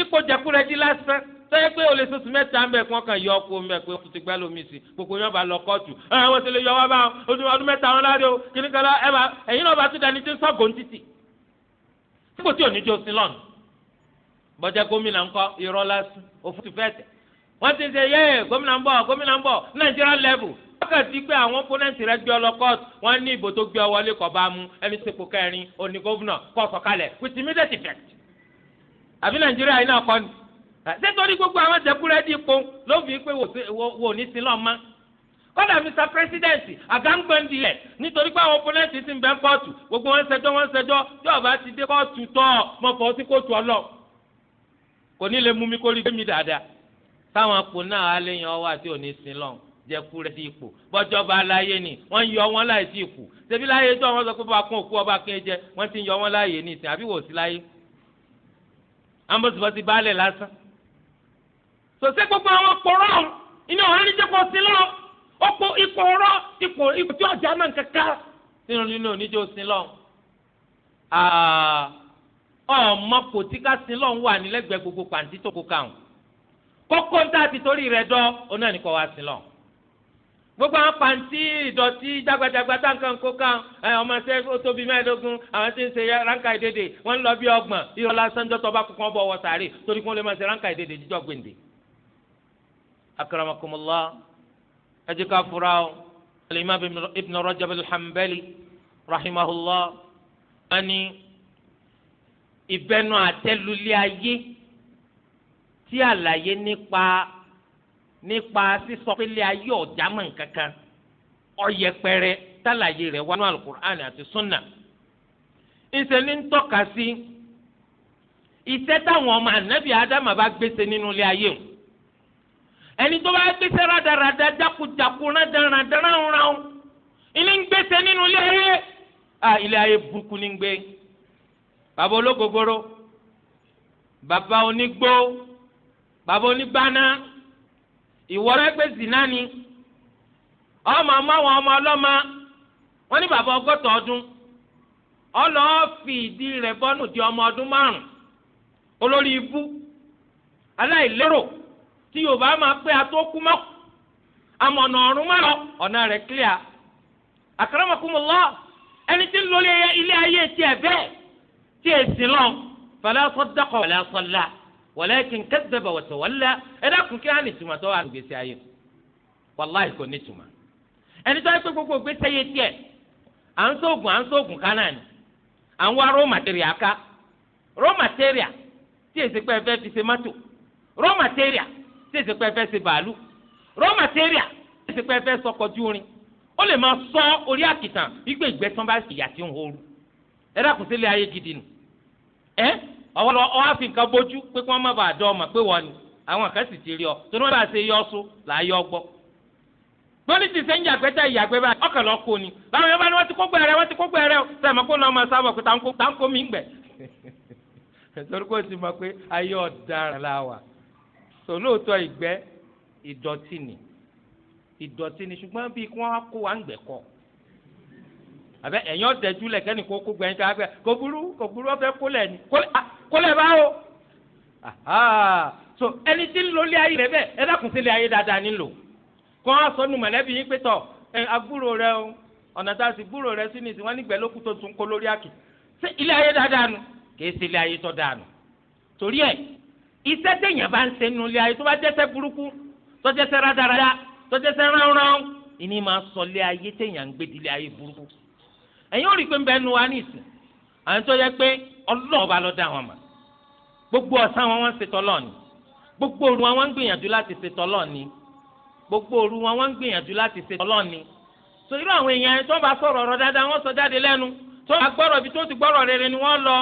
A: ipò jẹkúrẹ́jì lásán sọ́yẹ́ pé o lè sọ́sùn mẹ́ta ń bẹ̀ kí wọ́n kàn yọ ọkọ mi pé o ti gbẹ́ lómi sí gbogbo yọ̀ọ́ bá lọ kóòtù ẹ̀ wọ́n ti lè yọ wá bá ọdún ọdún mẹ́ta wọn láre o kìnnì kan ẹ bá ẹ̀yin náà bá tún dání tí ń sọ́gbọ̀n títì sípò tí ò ní jó sí lọ́nù bọ́jẹ́ gómìnà ńkọ́ irọ́ lásán òfin wọ́n ti ṣe yẹ́ gómìnà ń bọ̀ gómìnà ń bọ̀ Nàìjíríà level kàn sí pé àwọn opponent rẹ gbé ọ lọ court wọ́n ní ìbò tó gbé ọ wọlé kọ́ bá mu ẹni sèpò kẹrin òní gómìnà kọ́ sọ̀kalẹ̀ with immediate effect. àbí nàìjíríà yìí náà kọ́ ni. sẹ́tọ́rí gbogbo àwọn jẹ́kúrẹ́ dì pọ́n ló fi pé wò ní sílọ̀ mọ́. kọ́dà mr president àgàǹgbọ̀ndì rẹ̀ nítorí pé àwọn opponent ti ń bẹ kóòtù gbogbo wọn ṣẹjọ́ wọn ṣẹjọ́ tí ọba ti dé kóòtù tọ́ mọ̀ fọ́ sí kóòtù ọlọ́ kò ní lè mú mi kórìí alẹ́ yẹn ọwọ́ àti òní sílọ̀ jẹku rẹ sí ipò bọ́jọ́ bá láyé ni wọ́n ń yọ wọ́n láyé sí ipò ṣebí láyé tó àwọn sọ pé bá kún òkú ọba kún jẹ wọ́n ti ń yọ wọ́n láyé ní ìsìn àbí wò sí láyé amọ̀sibọ́sí baálẹ̀ lásán. sọ̀sẹ́ gbogbo àwọn kpọ̀rọ̀ iná ọ̀hán níjẹ́ kó sí lọ ọ̀pọ̀ ipò ọ̀rọ̀ ipò ipò tí ọ̀jà máa ń kẹ́kẹ́ sínú nínú oníjó sí lọ. ọmọ kò tí ká sí lọ wà nílẹ̀gbẹ́ gbogbo pàǹtí tó kó kàn kókó ń gbogbo àwọn pàǹtí ìdọ̀tí jágbajàgba táǹkan kó kan ọmọ ṣe ó tóbi mẹ́ẹ̀ẹ́dógún àwọn tí ń ṣe ránkà ìdèdè wọ́n ń lọ bí ọgbọ̀n irọ́ lásán jọ́tọ̀ bá kúkan bọ̀ wọ sàárè torí kí wọ́n lè máa ṣe ránkà ìdèdè jíjọ́ gbèǹde. akaramakomola ẹ jẹ́ ká fura o alimam ibn rajab alhambali rahimahullah ani ìbẹnu àtẹlulẹ ayé tí àlàyé nípa nípa sísọ pélé ayé ọ̀já mọ̀ nkankan ọ̀yẹ̀pẹ̀rẹ̀ tálàyé rẹ̀ wánú alukur'an àti sunna ìṣe ní tọ́ka sí iṣẹ́ táwọn ọmọ ànábì ádámà bá gbèsè nínú ilé ayé o ẹni tó bá gbèsè rádaràda jákujàku rádaràda ráhùnráhùn ilé ń gbèsè nínú ilé ayé a ilé ayé burúkú ní gbé bàbá ológogoro bàbá onígbó bàbá onígbáná. ìwọ́rẹ́ pé zina ni ọmọ ọmọ àwọn ọmọ ọlọ́mọ wọn ní bàbá ọgọ́ta ọdún fi ìdí rẹ̀ bọ́nù di ọmọ ọdún márùn olórí ibú aláìlérò tí yorùbá máa pé atókù mọ́ amọ̀nà ọ̀run mọ́ ọ̀nà rẹ̀ clear akramakumullah ẹni tí ń lórí ilé ayé tiẹ̀ lọ walakin kadhaba nke tawalla ẹ dákun kí á ní ìtumọ̀ tó wà ní ayé wàláhì kò ní ẹni tó yẹ gbogbo gbèsè ayé tiẹ̀ à ń sóògùn à ń sóògùn kánà ni à ń wá raw material ká raw material tí èsì pé fẹ́ fi ṣe mọ́tò raw material tí èsì fẹ́ sọ orí àkìtàn ìgbẹ́sán bá ìyà tí ń sílé ayé gidi nù ọwọ́ lọ ọ́ àfi nǹkan bójú pé kí wọ́n má bàa dọ́ ọmọ pé wọ́n ni àwọn kan sì ti rí ọ torí wọ́n bá ṣe yọ ọsùn là á yọ ọgbọ́. pólísì ṣe ń yàgbẹ́ tẹ̀ yàgbẹ́ báyìí ọkàn lọ kó ni láwọn yóò bá ní wọ́n ti kó gbẹ̀rẹ̀ wọ́n ti kó gbẹ̀rẹ̀ o sẹ́mi kó náà máa sábà pé tá ń kó mi gbẹ̀. *laughs* torí kò sí ma pé ayé ọ̀daràn la wà tò lóòótọ́ ìgbẹ́ ìdọ̀tí ni ìdọ̀tí ni ṣùgbọ́n bíi kí wọ́n kó wa ń gbẹ̀ kọ́ àbẹ ẹ̀yìn ọ̀dẹ́jú lẹ̀ kẹ́ni kó kó gbẹ̀yìn ká kó burú kó burú ọ̀fẹ́ kó lẹ̀ ni kó lẹ̀ ah kólẹ̀ báwo so ẹni tí ń lo ilé ayé rẹ bẹ́ẹ̀ ẹ dákun sí ilé ayé dáadáa nílò sọ nu mọ̀lẹ́bí yín pé tọ̀ ẹ agbúrò rẹ o ọ̀nà tá a sì gbúrò rẹ sí ni tí wọ́n nígbẹ́ lókùtò tún kó lórí àkè sí ilé ayé dáadáa nu kì í sí ilé ayé tó dáa nu torí ẹ iṣẹ́ téèyàn bá ń ṣe nu ilé sọ ilé ayé téèyàn ń gbé di ilé ayé wa gbogbo ọ̀sán wọn wọ́n ń ṣètò ọlọ́ọ̀ni gbogbo òru wọn wọ́n ń gbìyànjú láti ṣètò ọlọ́ọ̀ni gbogbo òru wọn wọ́n ń gbìyànjú láti ṣètò ọlọ́ọ̀ni so irú àwọn èèyàn tó bá sọ̀rọ̀ ọ̀rọ̀ dáadáa wọ́n sọ jáde lẹ́nu tó bá gbọ́rọ̀ ibi tó ti gbọ́rọ̀ rere ni wọ́n lọ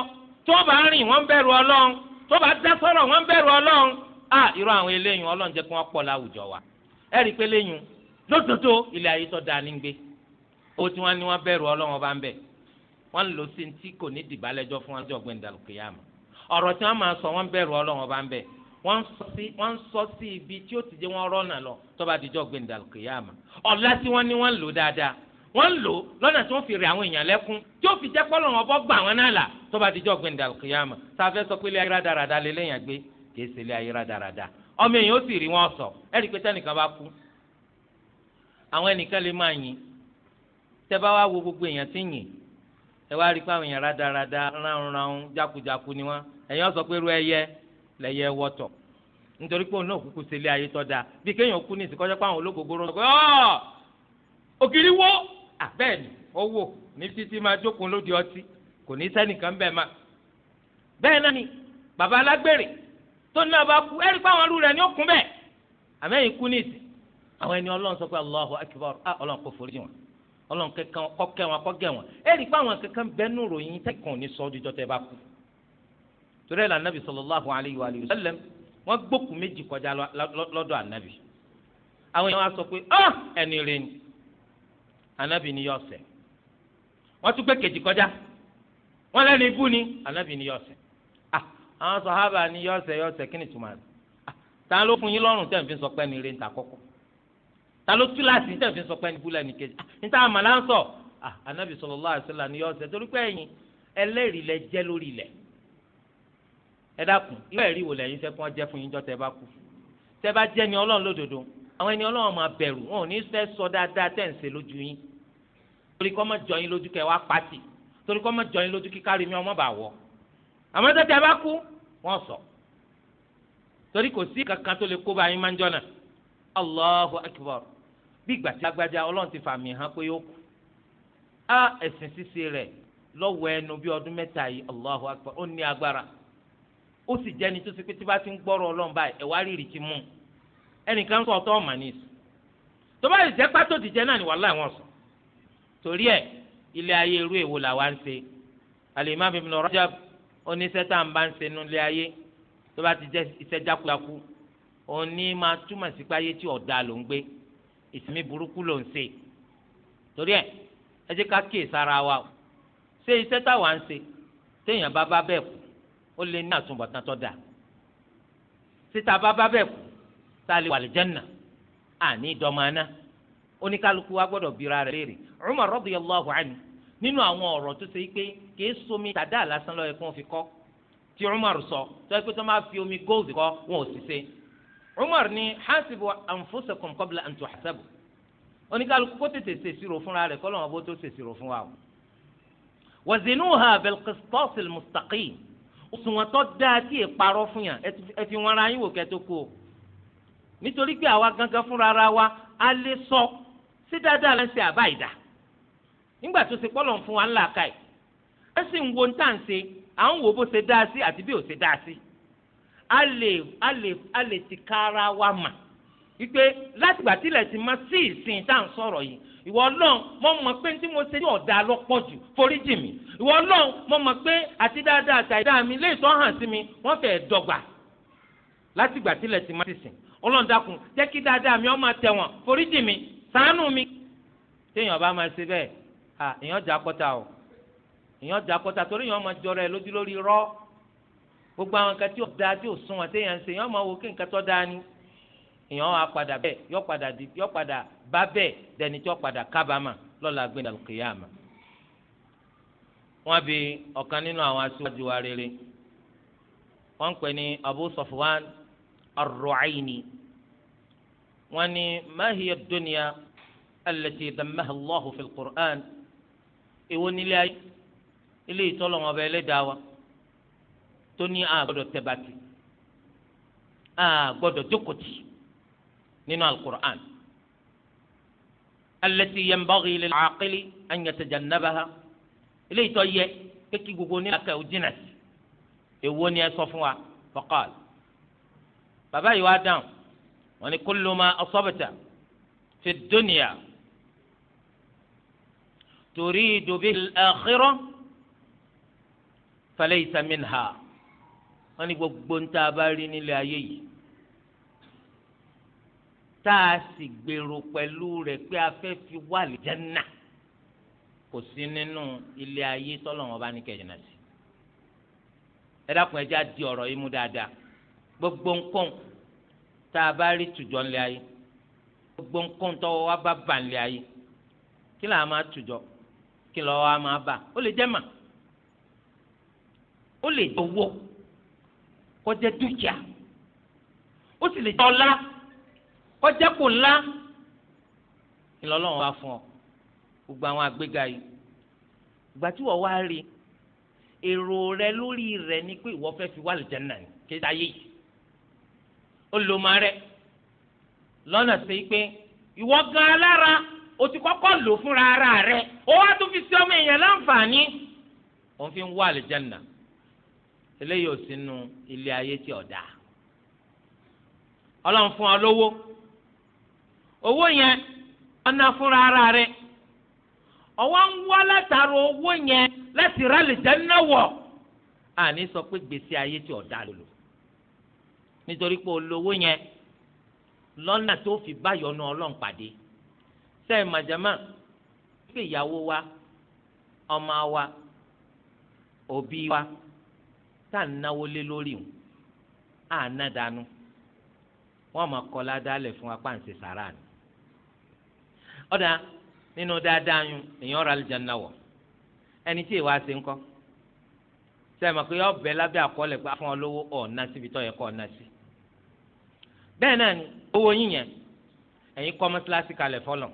A: tó bá rìn wọ́n bẹ̀rù ọlọ́run tó bá dá sọ̀rọ̀ wọ́n bẹ̀rù ọlọ́run à irú àwọn eléyìn ọlọ́run jẹ́ kí wọ́n pọ̀ láwùjọ wa ẹ rí i pé léyìn lótòótó ilé ayé tó da ní gbé owó tí wọ́n ní wọ́n bẹ̀rù ọlọ́run ọba ń bẹ̀ wọ́n ọ̀rọ̀ tí wọ́n máa sọ wọ́n bẹ̀rù ọlọ́wọ́n bá ń bẹ̀ wọ́n sọ sí ibi tí ó ti jẹ́ wọ́n rọ́nà lọ tó bá dijọ́ gbẹ̀ndàlùkìyàmà ọ̀la tí wọ́n ní wọ́n lò dáadáa wọ́n lò lọ́nà tí wọ́n fi rẹ̀ àwọn èèyàn lẹ́kún tí ó fi jẹ́ pé Ọlọ́run bọ́ gbà wọ́n náà là tó bá dijọ́ gbẹ̀ndàlùkìyàmà sáfẹ́ sọ pé ilé ayé rádaràda lélẹ́yìn àgbé kìí ṣe ilé ayé rádaràda ọmọ èèyàn ó sì rí wọn sọ ẹ̀rí pé tẹ́nìkan bá kú àwọn ẹnìkan lè máa yìn tẹ́ bá wá wo gbogbo èèyàn tí yìn ẹ wá rí pé àwọn èèyàn rádaràda ránranrun jákujáku ni wọ́n ẹ̀yin ọ̀sọ̀ pé irú ẹyẹ lẹ̀yẹ wọ́tọ̀ nítorí pé òun náà kúkú sílé ayé tọ́ bí kéèyàn kú ní ìsìnkọ́jọ́ àwọn olókogoro ògiri wo àbẹ́ẹ̀ni ó wò ní títí máa jókòó lóde ọtí kò ní sẹ́nìkan bẹ́ẹ̀ ma. bẹ́ẹ̀ náà ni bàbá alágbèrè tó ní abá kú ẹ̀rí pé arúgbó rẹ̀ ni ó bẹ́ẹ̀ àmẹ́yìn kú ní ìsìn àwọn kẹ́kẹ́ torí ẹ̀ nabi anabi sallallahu alayhi wa sallam wọ́n gbókùn méjì kọjá lọ́dọ̀ anabi àwọn èèyàn wa sọ pé ẹni rẹ ni anabi ni yọ ọsẹ wọ́n tún gbé kejì kọjá ibú ni anabi ni yọ ọsẹ ah àwọn sọhábà ni yọ ọsẹ yọ ọsẹ ah ta ló fún yín tẹ̀ fi sọ pé ta kọ́kọ́ ta ló láti tẹ̀ fi sọ pé ẹni ah anabi sallallahu alaihi ni yọ ọsẹ torí pé ẹlẹ́rìí lẹ jẹ́ lórí ẹ dákun irú ẹ̀rí wò lẹ́yìn sẹ́kún ọjẹ́ fún yín jọ́ tẹ́ bá kú tẹ́ bá jẹ́ ni ọlọ́run lódodo àwọn ẹni ọlọ́run máa bẹ̀rù wọn ò ní fẹ́ sọ dáadáa tẹ̀ ń ṣe lójú yín torí kọ́ mọ́ jọ yín lójú kẹ́ wá pàtì torí kọ́ mọ́ jọ yín lójú kíkárí mi ọmọ bà wọ̀ àmọ́ tẹ́ tẹ́ bá kú wọ́n sọ torí kò sí kankan tó lè kó bá yín máa ń jọ náà Allahu akbar bí ìgbà tí agbájá ọlọ́run ti fàmì hàn pé ó kú á ẹ̀sìn ṣíṣe rẹ̀ lọ́wọ́ ẹnu bí ọdún mẹ́ta yìí Allahu akbar ó ní agbára ó sì jẹ́ni tó ṣe pé tí bá ti ń gbọ́rọ̀ ọlọ́run báyìí ẹ̀wá rírì ti mú un ẹnìkan sọ ọtọ́ ọ̀mà ní ìsù tó bá lè jẹ́ pátó ti jẹ́ náà ni wàhálà wọn sọ torí ẹ̀ ilé ayé irú èwo làwa ń ṣe Al-Imam Ibn Rajab oníṣẹ́ tá à ń bá ń ṣe nu ilé ayé tó bá ti jẹ́ iṣẹ́ jákujáku òní máa túmọ̀ sí pé ayé tí ọ̀dà ló ń gbé ìsinmi burúkú ló ń ṣe torí ẹ̀ ẹ jẹ́ ká kíyèsára wa ṣé iṣẹ́ táwa ń ṣe téèyàn bá bá bẹ́ẹ̀ kú ó lè ní àtúbọ̀tán tó dáa síta bábá bẹ́ẹ̀ kú tá a lè wà lè jẹ́nà àní ìdọ́mọ̀ọ́ná oníkálukú wa gbọ́dọ̀ bira rẹ̀ léèrè Umar radiyallahu anhu nínú àwọn ọ̀rọ̀ tó ṣe pé kì í somi tàdá lásán lọ́yẹ kí wọ́n fi kọ́ tí Umar sọ tó yẹ pé tó máa fi omi gold kọ́ wọn ò sì ṣe Umar ní hasibu anfusakum qabla an tuhsabu oníkálukú kó tètè ṣèṣirò fúnra rẹ̀ kọ́ lọ́wọ́ bó tó ṣèṣirò fún wa o wazinuha bil qistas al òṣùwọ̀n tó dáa tí è parọ́ fún yàn ẹ fi wọn ra yín wò kẹ́ tó kú o nítorí pé àwa gangan fúnra ara wa a lè sọ sí dáadáa lẹ́sẹ̀ àbá ìdá nígbà tó ṣe pọ́lọ̀ fún wa ńlá ka ẹ̀ ẹ sì ń wo ní tàǹsẹ̀ à ń wò bó ṣe dáa sí àti bí ò ṣe dáa sí a lè a lè a lè ti ká ara wa mà wípé látìgbà tílẹ̀ ti má sí ìsìn tá à ń sọ̀rọ̀ yìí ìwọ ọlọ́run mo mọ̀ pé tí mo ṣe ní ọ̀dà lọ́pọ̀ jù foríjì mi ìwọ ọlọ́run mo mọ̀ pé àti dáadáa àtàìdá mi léètọ́ hàn sí mi wọ́n fẹ́ẹ́ dọ́gba látìgbà tílẹ̀ ti má sí ìsìn ọlọ́run dákun jẹ́ kí dáadáa mi ó máa tẹ̀wọ̀n foríjì mi ṣàánú mi téèyàn bá máa ṣe bẹ́ẹ̀ à èèyàn jà kọ́ta o èèyàn jà kọ́ta torí èèyàn máa jọra ẹ lójú lórí rọ́ gbogbo àwọn kan tí ò dáa tí ò sunwọ̀n téèyàn ń ṣe èèyàn máa wo kí nǹkan tó dáa ni èèyàn wà padà bẹ́ẹ̀ yọ padà di yọ padà bá bẹ́ẹ̀ dẹni tí yọ padà kábàámà lọ́la gbé al-qiyama. wọ́n bi ọ̀kan nínú àwọn aṣíwájú wa rere wọ́n ń pè ní Abu Safwan ar-Ru'ayni wọ́n ní ma hiya ad-dunya allati dammaha Allahu fi quran èwo nílé ayé ilé ìtọ́lọ̀ wọn bẹ ẹlẹ́dàá wa tó ní a gbọ́dọ̀ tẹ̀ bàtì a gbọ́dọ̀ jókòtì. من القرآن التي ينبغي للعاقل أن يتجنبها ليت أي كي يقولون لك أجنس يقولون يا صفوة فقال بابا يوادان وني كل ما أصبت في الدنيا تريد به الآخرة فليس منها وني بقبون تاباريني لأيي tá a sì gbèrò pẹ̀lú rẹ̀ pé a fẹ́ fi wà lìjánà kò sí nínú ilé ayé tọ́lọ́wọ́n bá ní kẹ̀yìnà sí. ẹ dákun ẹ já di ọ̀rọ̀ yìí mú dáadáa gbogbo nǹkan tá a bá rí tùjọ ńlẹ̀ ayé gbogbo nǹkan tọ́wọ́ wa bá bà ńlẹ̀ ayé kí làá máa tùjọ kí lọ́wọ́ wa máa bà ó lè jẹ́ mà ó lè jẹ́ owó kó dúkìá ó sì lè jẹ́ ọlá kọjá kò ńlá ìlọlọ́run wá fún ọ gbogbo àwọn àgbéga yìí ìgbà tí wọ́n wá rí èrò rẹ lórí rẹ ni pé ìwọ fẹ́ fi wà lìjẹ́nà kéde ayé yìí ó lò máa rẹ lọ́nà sí pé ìwọ gan alára o ti kọ́kọ́ lò fúnra ara rẹ ó wá tún fi sí ọmọ èèyàn láǹfààní òun fi ń wà lìjẹ́nà eléyìí ò sínú ilé ayé tí ọ̀dà ọlọ́run fún ọ lówó. owó yẹn ọ̀nà fúnra ara rẹ, ọwọ́ ń wá látara owó yẹn láti rálẹ̀ jẹ́nà wọ̀ àní sọ pé gbèsè ayé tí ọ̀dà lò nítorí pé olówó yẹn lọ́nà tó fi báyọ̀ nu ọlọ́run pàdé sẹ́yìn màjàmá pé ìyàwó wa ọmọ wa òbí wa tá à ń náwó lé lórí wọn à ná dànù wọn máa kọ́ ládàá lẹ̀ fún wa pàǹsẹ̀ sàrà ni ọ̀dà nínú dáadáa yun èèyàn ra wọ̀ ẹni tí ìwà ṣe ń kọ́ sẹ́yìn pé ọbẹ̀ lábẹ́ àkọọ́lẹ̀ pé afọ́n olówó ọ̀ọ́nà síbi tó yẹ kọ́ ọ̀nà sí. bẹ́ẹ̀ náà ni owó yín ẹ̀yin kọ́ mọ́sálásí kalẹ̀ fọlọ̀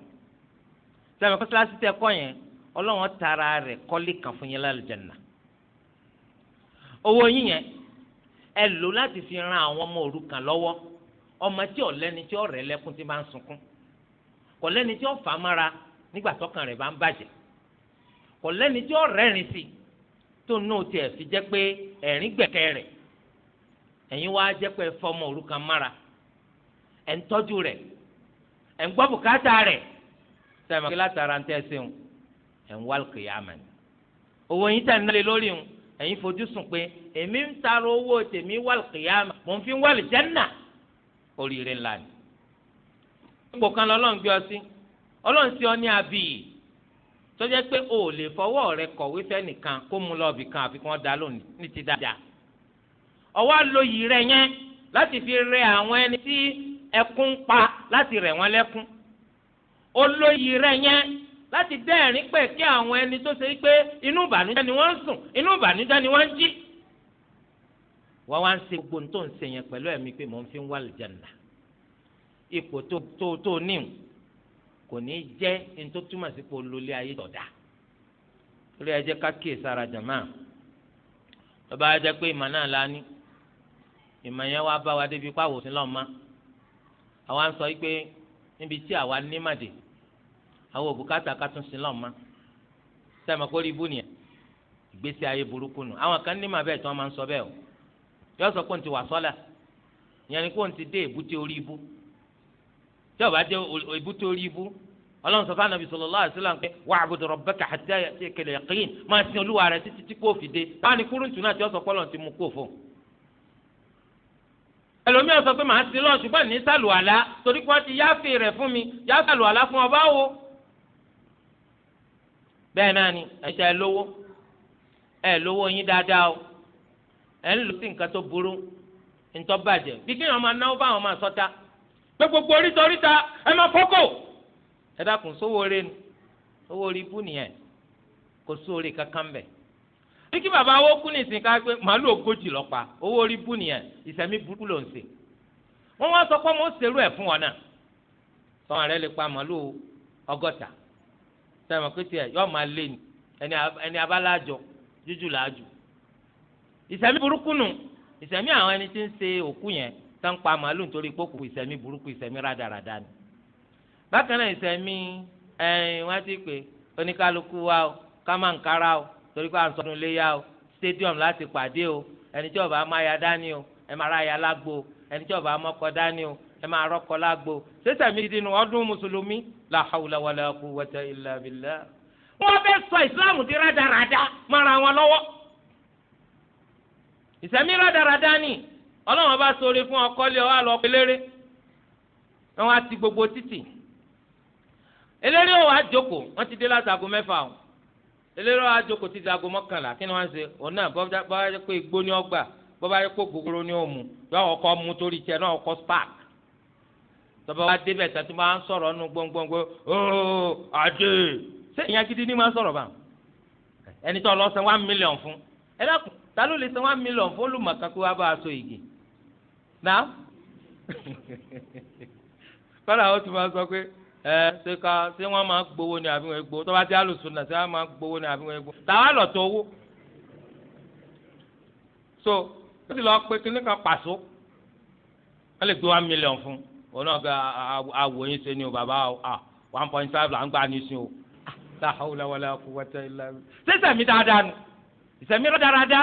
A: pé mọ́sálásí tẹ kọ́ tara rẹ̀ kọ́lé kan fún owó ẹ lò láti fi ran àwọn ọmọ òrukàn lọ́wọ́ ọmọ tí ọ̀lẹ́ni kò lẹ́ni tí ó fà á mára nígbà tọ́kàn rẹ̀ bá ń bàjẹ́ kò lẹ́ni tí ó rẹ́rìn sí tó náà tiẹ̀ fi jẹ́ pé ẹ̀rín gbẹ̀kẹ́ rẹ̀ ẹ̀yin wá jẹ́ pé fọmọ òrukàn mára ẹ̀ ń tọ́jú rẹ̀ ẹ̀ ń gbọ́ bùkátà rẹ̀ sẹ́mi látara ń tẹ́ sẹ́wọ̀n ẹ̀ ń wálùkì yá mẹ́ni owó yín tẹ̀ ń nálẹ̀ lórí wọn ẹ̀yin fojú sùn pé èmi ń taro owó tèmi wálùkì yá mò ń fi wálùjẹ́ nà oríire ńlá ni ipò kan lọ́lọ́run gbé ọ sí ọlọ́run sí ọ ní abiyì tó jẹ́ pé o ò lè fọwọ́ rẹ kọ̀wé fẹ́nìkan kó mu lọ́ọ̀bì kan àfi kí wọ́n dá lónìí ní ti dáadáa ọwọ́ àlòyì rẹ yẹn láti fi rẹ àwọn ẹni tí ẹkún pa láti rẹ̀ wọ́n lẹ́kún olóyì rẹ yẹn láti dẹ́rìn pẹ̀ kí àwọn ẹni tó ṣe pé inú ìbànújẹ́ ni wọ́n ń sùn inú ìbànújẹ́ ni wọ́n ń jí wọ́n wá ń ṣe gbogbo tó ń ṣe yẹn pẹ̀lú ẹ̀mí pé mò ń fi ń wà lìjànà ipò tó tó tó níwò kò ní jẹ́ nítorí túmọ̀ sí pé olólè ayé tọ̀dà torí ẹ jẹ́ ká kíyè sára jàmá bàbá ẹ jẹ́ pé ìmọ̀ náà la ní ìmọ̀ yẹn wá bá wa débi pa àwòsàn lọ́ọ́ ma àwa ń sọ yìí pé níbi tí àwa ní màdè àwọn òbúkátà ká tún sin sẹ́mi kó rí ibú ìgbésí ayé burúkú nù àwọn kan ní màbẹ́ tí wọ́n máa ń sọ bẹ́ẹ̀ o yọ sọ pé òun wà sọ́là ìyẹn ni pé òun ti dé èbúté orí ibú tí ó bá jẹ́ ibú tó rí ibú ọlọ́run sọ fún anabi sallallahu alaihi wasallam pé wa'budu rabbaka hatta ya'tiyakal yaqin máa sin olúwa rẹ títí tí kò fi dé báwa ni kúrúntù náà tí ó sọ pé ọlọ́run ti mú kó fún un. ẹlòmíràn sọ pé màá sin lọ ṣùgbọ́n ní sàlù àlá torí pé wọ́n ti yáfẹ́ rẹ̀ fún mi yáfẹ́ àlù àlá fún ọba wo. bẹ́ẹ̀ náà ni ẹ̀ṣẹ̀ ẹ lówó ẹ lówó yín dáadáa o ẹ̀ ń lò sí nǹkan tó burú pé gbogbo oríta oríta ẹ máa fọ́kò ẹ dákun sówó rẹ nu owó orí ibú nìyẹn kò sóore kankan bẹ̀ bí kí bàbá wo kú nìsín ká pé màálù ogójì lọ pa owó orí ibú nìyẹn ìsẹ̀mí burúkú ló ń ṣe wọ́n wá sọ pé mo ń ṣerú ẹ̀ fún wọn náà tọ́wọ́n rẹ lè pa màálù ọgọ́ta sẹ́wọ̀n pé tiẹ̀ yọ́ọ́ máa lé ni ẹni abálájọ jújù làájù ìsẹ̀mí burúkú nù ìsẹ̀mí àwọn ẹni tí ń ṣe òkú yẹn tán pa màálù nítorí pé òkùnkùn ìsẹ̀mí burúkú ìsẹ̀mí rádaràda ni. bákan náà ìsẹ̀mí ẹ̀ẹ́n wọ́n ti pè oníkálukú wa o ká máa ń kára o torí pé à ń sọdún léyà o stadium láti pàdé o ẹni tí ọba máa ya dání o ẹ máa ra ya lágbo ẹni tí ọba mọ́kọ dání o ẹ máa rọ́kọ lágbo sẹ́sẹ̀mí ti dinu ọdún mùsùlùmí la hawla wala quwwata illa billah wọ́n fẹ́ sọ ìsìláàmù di rádaràda mọ́ra wọn lọ́wọ́ ìsẹ̀mí ọlọ́run bá sọ̀rọ̀ fún ọkọ́lé ọwọ́ àlọ́ eléré wọn á ti gbogbo títì eléré wọn á jókòó wọn ti dé láti aago mẹ́fà o eléré wọn á jókòó títí aago mọ́kànlá kí ni wọ́n á ṣe òun náà bọ́ bá yẹ pé igbó ni ọgbà bọ́ bá yẹ pé gbogbo ni òun mu yọ ọkọ̀ mu torí tiẹ̀ náà ọkọ̀ spark tọ́ba wa débẹ̀ tàbí máa ń sọ̀rọ̀ nu gbọ̀ngbọ̀ngbọ̀ ooo àdé ṣé ìyẹn gidi ni máa ń bá ẹni tó lọ san one million fún ẹ dákun ta ló lè san one million fún olùmọ̀kan kó bá a so igi náà kọ́lá ó tún máa sọ pé ẹ ṣe ká ṣé wọ́n máa gbowó ni àbí wọ́n gbowó tó bá ti àlùsùn náà ṣé wọ́n máa gbowó ni àbí wọ́n tàwa lọ tó owó so ó sì lọ pé kíní kan pàṣọ wọ́n lè gbé one million fún òun náà gba àwòyìn ṣe ni o bàbá one point five là ń gbà ní sin o láhàúlà wàlà kú wàtá ìlà.
B: sísèmi dáadáa
A: nù ìsèmi rádaràda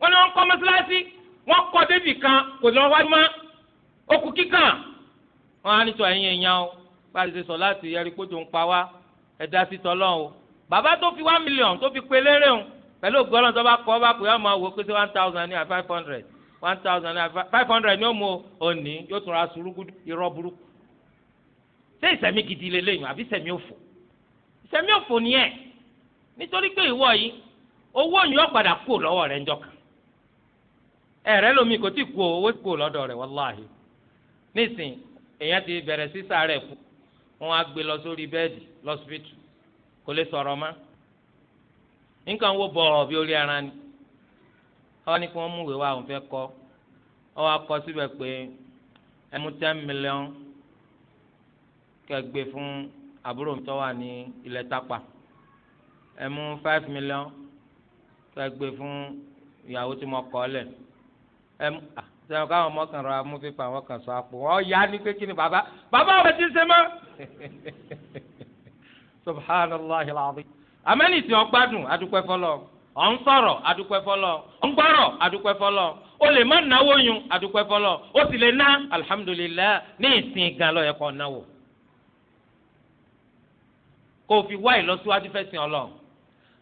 A: wọ́n ní wọ́n kọ́ mọ́sálásí wọ́n kọ́ débì kan kò lọ wá mọ́ okùn kíkàn wọ́n á nítorí ẹ̀yin èèyàn o bá a ti sọ láti yẹri kótó ń pa wá ẹ̀dá sí tọ́lọ́ o bàbá tó fi one million tó fi pe lérè o pẹ̀lú ògbọ́nà tó bá kọ́ ọ bá pè ọmọ wò pé sí one thousand naira five hundred one thousand and five hundred ni ó mu òní yóò tún ra sùúrù irọ́ burúkú ṣé ìsẹ̀mí gidi lélẹ́yìn àbí ìsẹ̀mí òfò ìsẹ̀mí òfò nìyẹn nítorí pé ìwọ yìí owó yìí ó kú lọ́wọ́ rẹ̀ ńjọ́ kan ẹ̀rẹ́ lomi kò tí kú o owó kú o lọ́dọ̀ rẹ̀ wàláhì nísìn èèyàn ti bẹ̀rẹ̀ sísá rẹ̀ kú wọn á gbé lọ sórí bẹ́ẹ̀dì lọ́sibítù kò lè sọ̀rọ̀ mọ́ nǹkan wo bọ̀ọ̀ bí orí ara ni wọ́n ní kí wọ́n mú ìwé wa òun fẹ́ kọ́ wọ́n á kọ́ síbẹ̀ pé ẹmu ten million kẹgbẹ́ fún àbúrò mi tó wà ní ilẹ̀ tápà ẹmu five million kẹgbẹ́ fún ìyàwó tí mo kọ́ lẹ̀ ẹmu sẹ́wọ̀n káwọn ọmọ kan rọ amúfipá àwọn kan sọ àpò wọn yá ni pé kí ni bàbá bàbá wọn ti ṣe mọ́ *laughs* subhanallah alazim amẹ́ni tí wọ́n gbádùn adúpẹ́ fọlọ́ ọ̀ ń sọ̀rọ̀ adúpẹ́ fọlọ́ ọ̀ ń gbọ́rọ̀ adúpẹ́ fọlọ́ o lè má náwó yun adúpẹ́ fọlọ́ o sì lè ná alihamudulilayi ní ìsìn gan lọ́yẹ̀ kọ́ náwó kó o fi wá ìlọsíwájú fẹ́sìn ọlọ́run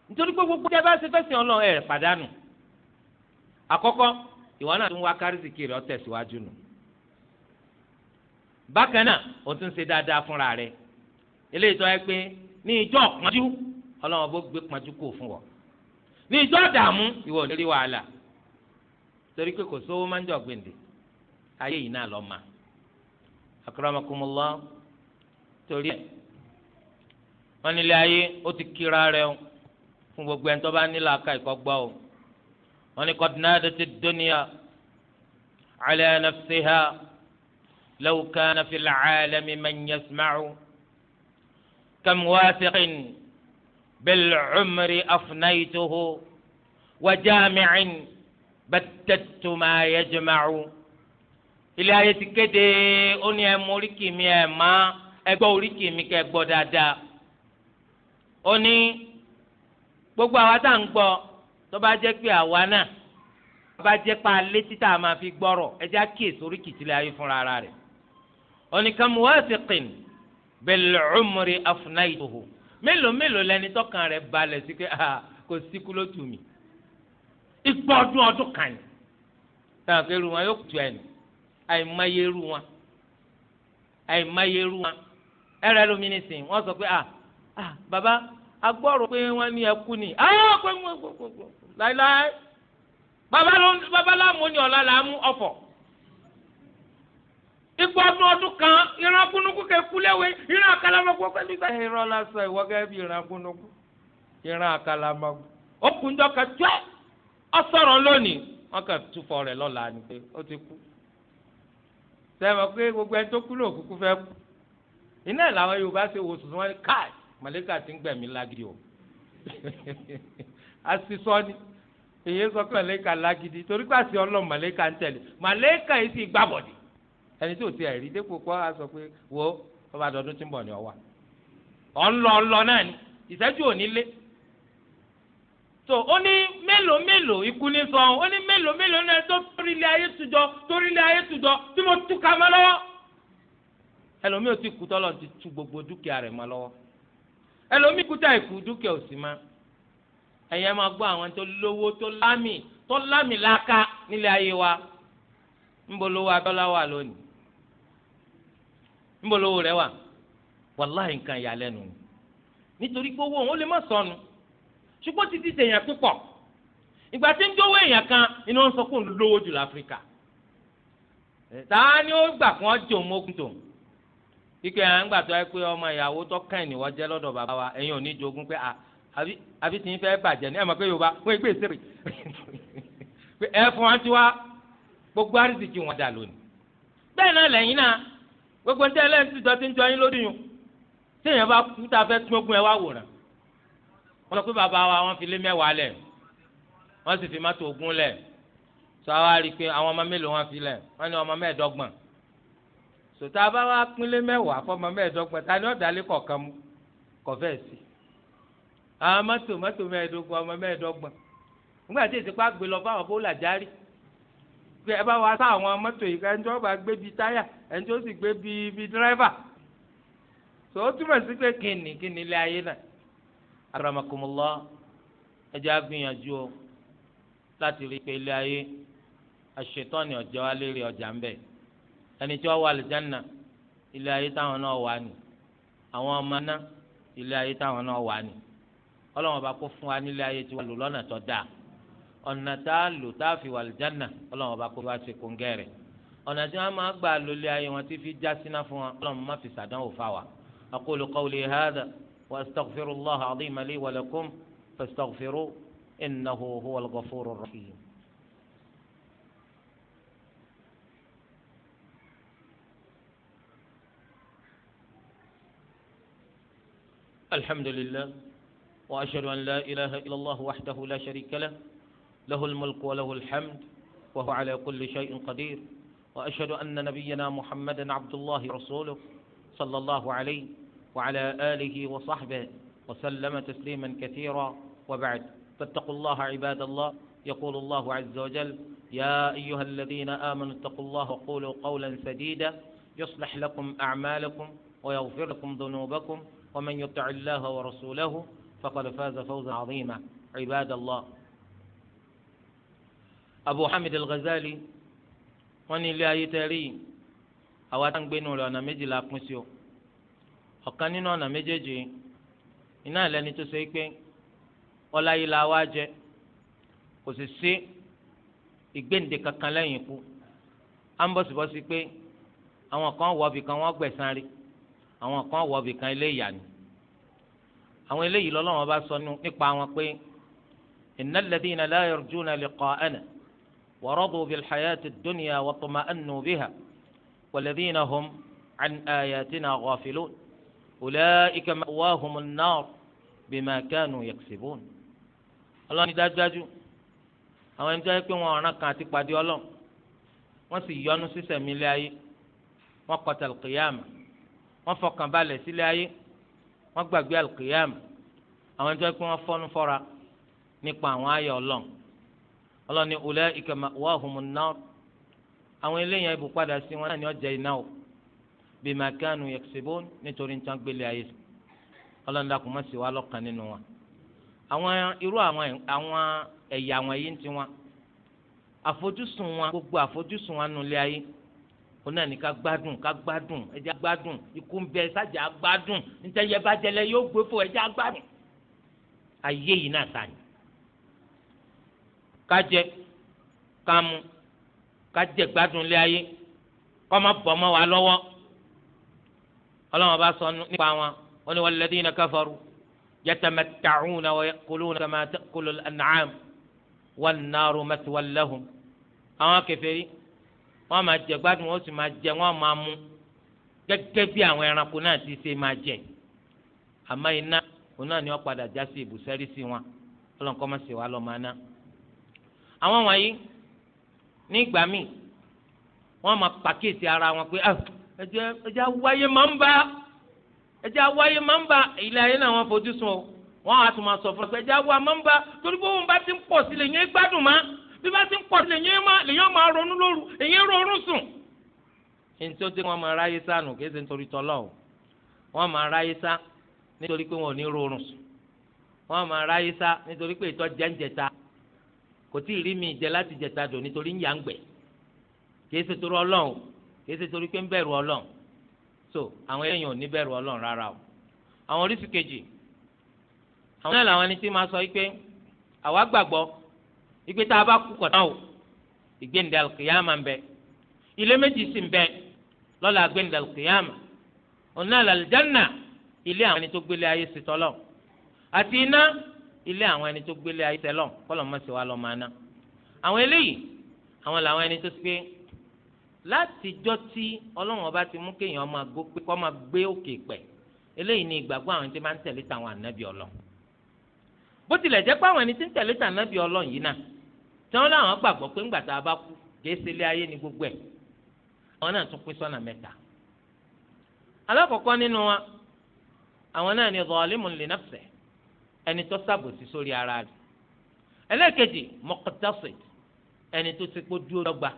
A: nítorí pé gbogbo ẹ bá ṣe fẹ́sìn ọlọ́run ẹ̀ pàdánù àkọ́kọ́ ìwọ náà tún wá kárìsìkì rẹ ọtẹ̀síwájú nù bákan náà o tún ṣe dáadáa fúnra rẹ eléyìí tó yẹ pé ní ìjọ pọ́njú ọlọ́wọ́n bó gbé pọ́njú kò fún wọ ní ìjọ dààmú ìwọ ò ní rí wàhálà torí pé kò sówó máa ń jọ gbèǹde ayé yìí náà lọ ma akramakumullah torí ẹ wọn nílé ayé ó ti kíra rẹ fún gbogbo ẹni tó bá nílò aka ìkọgbọ o wọn ni qad nadat ad-dunya ala nafsiha law kana fil alami man yasma'u kam wathiqin bil umri afnaytuhu wa jami'in batattu ma yajma'u ilé ayé ti kéde ó ẹ mú oríkì ẹ má ẹ gbọ́ oríkì mi gbọ́ dáadáa ó gbogbo àwa tá à ń gbọ́ tó bá pé àwa náà tó bá pé alẹ́ títà a máa fi gbọ́rọ̀ ẹjẹ́ àkíyèsí oríkìtì lè ayé fúnra ara rẹ̀ oníkan muwafiqin bil umri afnaytuhu mélòó mélòó lẹni tọkàn rẹ̀ balẹ̀ sí pé ah, kò síkú ló tù mí igbó ọdún ọdún kan ni táwọn akérò wọn yóò tu ẹni àìmáyérú wọn àìmáyérú wọn ẹrẹ lómi nísìn wọn sọ pé ah, ah baba agbọrọ pé wọn ní ẹkú ni ah pé wọn láíláí babaláwo ni ọ̀la là mú ọ̀fọ̀ ipò ọdún ọdún kan ìran kúnukú kẹ kúléwé ìran àkàlàmọ́gbò pẹ̀lú ìgbà. ìran lásán ìwọ bí ìran kúnukú ìran àkàlàmọ́gbò ó kúnjọ kẹ tíọ́ ọ lónìí wọn kẹ túfọ̀ rẹ̀ lọ́la ni pé ó ti kú sẹ́wọ̀n pé gbogbo ẹni tó kú ló kúkú fẹ́ kú iná ẹ̀ làwọn Yorùbá ṣe wò sùn wọn o *laughs* asisọ ni èyí sọ pé màlẹ́kà lágídí torí pé àṣì ọlọ́run màlẹ́kà ń tẹ̀lé màlẹ́kà yìí sì gbàbọ̀dì ẹni tí ò ti ẹ̀rí dépò kọ́ a sọ pé wo ọba àdọ́dún tí ń bọ̀ ni ọwà ọ̀nlọ ọ̀nlọ náà ni ìṣẹ́jú ò ní lé tó ó ní mélòó mélòó ikú ní sọ ó ní mélòó mélòó náà tó torílé ayé tùjọ torílé ayé tùjọ tí mo túká mọ́ lọ́wọ́ ẹlòmíì ò ti kú tọ́lọ́ ti tu gbogbo dúkìá rẹ̀ mọ́ lọ́wọ́ ẹlòmíì kúta ìkú dúkìá ò ẹ̀yẹ́ ma gba àwọn tó lówó tó lámì tó lámì nílé ayé wa ńbo lówó abẹ́lá wà lónìí ńbo lówó rẹ wà wàláhì nǹkan ìyàlẹ́nu nítorí pé owó òun ó lè má sọnù ṣùgbọ́n títí tèèyàn púpọ̀ ìgbà tí ń dówó èèyàn kan iná ń sọ lówó jù láfíríkà ta ni ó gbà à ń gbà tó ẹ pé ọmọ ìyàwó tó kàn ní wọ́n àbí tí ń fẹ́ bàjẹ́ ní ẹ̀ mọ̀ pé yorùbá wọ́n gbé sèrè pé ẹ fún wa ti wá gbogbo àrísìkì wọn dà lónìí. bẹ́ẹ̀ náà lẹ́yìn náà gbogbo ní ẹlẹ́yìn tí dọ́tí ń jọ yín lódì yun tí èèyàn bá kú tá a fẹ́ tún ogún ẹ wá wòran. wọ́n sọ pé bàbá wa wọ́n fi lé mẹ́wàá lẹ̀ wọ́n sì fi mọ́tò ogún lẹ̀ sọ wá rí i pé àwọn ọmọ mélòó wọn fi lẹ̀ wọ́n ní ọmọ mẹ́ẹ̀ẹ́dọ́gbọ̀n. sòtá bá wá pínlẹ̀ mẹ́wàá fọmọ mẹ́ẹ̀ẹ́dọ́gbọ̀n ta ni ọ̀dàlẹ́ kọ̀ọ̀kan mú kọ̀fẹ́ sí àwọn ah, mọ́tò mọ́tò mẹ́ẹ̀ẹ́dógún ọmọ mẹ́ẹ̀ẹ́dọ́gbọ̀n nígbà tí èsì pa gbé lọ fáwọn bó làjárì ẹ bá wa sá àwọn mọ́tò yìí ẹni tó bá gbé bíi táyà ẹni tó sì gbé bíi bíi dírẹ́fà tó o túmọ̀ sí pé kíni kíni ilé ayé náà aramakumullah ẹjẹ́ á gbìyànjú o láti rí i pé ilé ayé àṣetọ́ni ọ̀jẹ̀ wa lérí ọjà ń bẹ ẹni tí wọ́n wà lìjánà ilé ayé táwọn náà wà ní àwọn ọmọ náà ilé ayé táwọn náà wà ní. ọlọ́run ọba kó fún wa nílé ayé tí wọ́n lò lọ́nà tó dáa ọ̀nà tá a lò tá a fi wà lujana ọlọ́run ọba kó fun wá ṣe ko kóńgẹ́ rẹ̀ ọ̀nà tí wọ́n máa gbà lólé ayé wọn tí fi já síná fún wọn ọlọ́run má fi sàdánwò fà wá. أقول قولي هذا وأستغفر الله العظيم لي ولكم فاستغفروه إنه هو الغفور الرحيم الحمد لله وأشهد أن لا إله إلا الله وحده لا شريك له له الملك وله الحمد وهو على كل شيء قدير وأشهد أن نبينا محمدا عبد الله رسوله صلى الله عليه وعلى آله وصحبه وسلم تسليما كثيرا وبعد فاتقوا الله عباد الله يقول الله عز وجل يا أيها الذين آمنوا اتقوا الله وقولوا قولا سديدا يصلح لكم أعمالكم ويغفر لكم ذنوبكم ومن يطع الله ورسوله فقد فاز فوزا عظيما عباد الله أبو حمد الغزالي وني لا يتري أو تنبينو لنا مجي لاقمسيو ọ̀kan nínú ọ̀nà méjèèjì iná ìlẹ́ni tó ṣe pé ọlá yìí la wá jẹ kò sì sí ìgbéǹde kankan lẹ́yìn ikú á ń bọ̀sibọ́sí pé àwọn kan wọ̀ ọ́bì kan wọ́n gbẹ̀san rí àwọn kan wọ̀ ọ́bì kan ilé ìyà ni àwọn eléyìí lọ́lọ́wọ́n bá sọ nípa wọn pé innal ladhina la yarjuna liqa'ana wa radu bil hayati dunya wa tuma'annu biha walladhina hum an ayatina ghafilun ulaika ma'wahumun nar bima kanu yaksibun. ọlọ́ni dájúdájú àwọn ẹni tó yẹ pé wọn ọ̀ràn kan àti pàdé ọlọ́run wọ́n sì yọnu sí sẹ̀mí ilé ayé wọ́n kọ̀tàlùkìyàmà wọ́n gbàgbé alqiyam àwọn ẹni tó pé wọ́n fọ́nú fọ́ra nípa àwọn ayọ̀ ọlọ́n ọlọ́n ni ulaika ma'wahumun nar àwọn eléyàn ibù padà sí wọn náà ni ọjà iná o bima kanu yaksibun nítorí nǹkan gbélé ayé ọlọ́n dàkú mọ́ sí wa lọ́kàn nínú wọn àwọn irú àwọn ẹ̀yà àwọn yìí ń tiwọn àfojúsùn wọn gbogbo àfojúsùn wọn nulẹ̀ ayé òun náà ní ká gbádùn ká gbádùn ẹjẹ gbádùn ikú ń bẹ sájà gbádùn níjẹyẹ bàjẹlẹ yóò gbé fò ẹjẹ gbádùn ayé yìí náà ta ni ká jẹ ká mu ká jẹ gbádùn lé ayé kó má bọ́ mọ́ wa lọ́wọ́ ọlọ́wọ́n bá sọ nípa wọn wọn ni walladhina kafaru yatamatta'una wa ya'kuluna kama ta'kulu al-an'am wan naru mathwan lahum àwọn kèfèrí wọ́n máa jẹ gbádùn wọ́n sì máa jẹ wọ́n máa mú gẹ́gẹ́ bí àwọn ẹranko náà ti ṣe máa jẹ àmọ́ iná òun náà ni wọ́n padà já sí ibùsẹ́rí sí wọn ọlọ́run kọ́ máa ṣe wá lọ́mọ aná. àwọn wọ̀nyí ní ìgbà míì wọ́n máa pàkíyèsí ara wọn pé ẹjẹ ẹjẹ máa ń bá ẹjẹ awáyé máa ń bá ilé ayé náà wọ́n fojú sùn o wọ́n á tún máa sọ fún ọ pé ẹjẹ awá máa ń bá torí bó wọn bá ti ń pọ̀ sílẹ̀ yẹn gbádùn máa bí bá ti ń pọ̀ sí lèyàn máa ronú lóru èyàn ronú sùn. ẹni tó dé wọn máa ráyé sá nù kí ẹsẹ̀ nítorí tọ́lọ́ o wọn máa ráyé sá nítorí pé wọn ò ní rorùn sùn wọn máa ráyé sá nítorí pé ìtọ́ jẹ́ǹjẹta kò tí ì rí mi ìjẹ láti jẹta dò nítorí ń yà ń gbẹ̀ kì í ṣe torí ọlọ́run kì í ṣe torí pé ń bẹ̀rù ọlọ́run so àwọn èèyàn ò ní bẹ̀rù ọlọ́run rárá o àwọn oríṣi kejì àwọn náà làwọn ẹni tí máa sọ yìí pé àwa gbàgbọ́ ìgbé tá a bá kú kọ̀tà o ìgbéǹde alùkìyàmà ń bẹ ilé méjì sì ń bẹ lọ́la gbéǹde alùkìyàmà ọ̀nà àlàlìjánà ilé àwọn ẹni tó gbélé ayé sí tọ́lọ̀ àti iná ilé àwọn ẹni tó gbélé ayé tẹ́lọ̀ kọ́lọ̀ mọ́ sí wa lọ́ máa ná àwọn eléyìí àwọn làwọn ẹni tó pé látijọ́ tí ọlọ́run ọba ti mú kéèyàn máa gbó pé kọ́ máa gbé òkè pẹ̀ eléyìí ni ìgbàgbọ́ àwọn tí máa ń tẹ̀lé tàwọn ànábì ọlọ́run bó tilẹ̀ jẹ́ pé àwọn ẹni tí ń tẹ̀lé tànábì ọlọ́run yìí náà tí wọ́n láwọn gbàgbọ́ pé ńgbà tá a bá kú kìí ṣe ilé ayé ni gbogbo ẹ̀ àwọn náà tún pín sọ́nà mẹ́ta alákọ̀ọ́kọ́ nínú wa àwọn náà ni zalimun li nafsihi ẹni tó ṣàbòsí sórí ara rẹ̀ ẹlẹ́ẹ̀kejì muqtasid ẹni tó ti kó dúró dọ́gba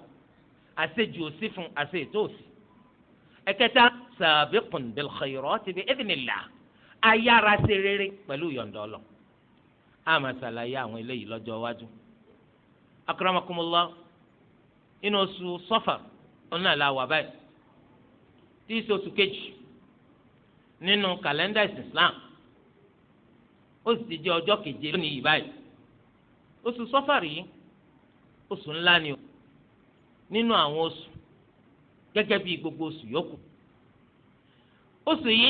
A: àṣejù òsì fún àṣe ètò òsì ẹ̀kẹta sabiqun bil khayrati bi idhnillah ayára ṣe rere pẹ̀lú yọ̀ǹdọ̀ ọlọ́ àmàṣàlàyé àwọn eléyìí lọ́jọ́ iwájú. akramakumullah inú oṣù Safar ọ̀nà làwà báyìí tí í ṣe oṣù kejì nínú kalenda Islam ó sì ti jẹ́ ọjọ́ keje lónìí yìí báyìí oṣù Safar yìí oṣù nla ni o ninu awon osu gẹ́gẹ́ bi gbogbo osu yoku oṣù yi,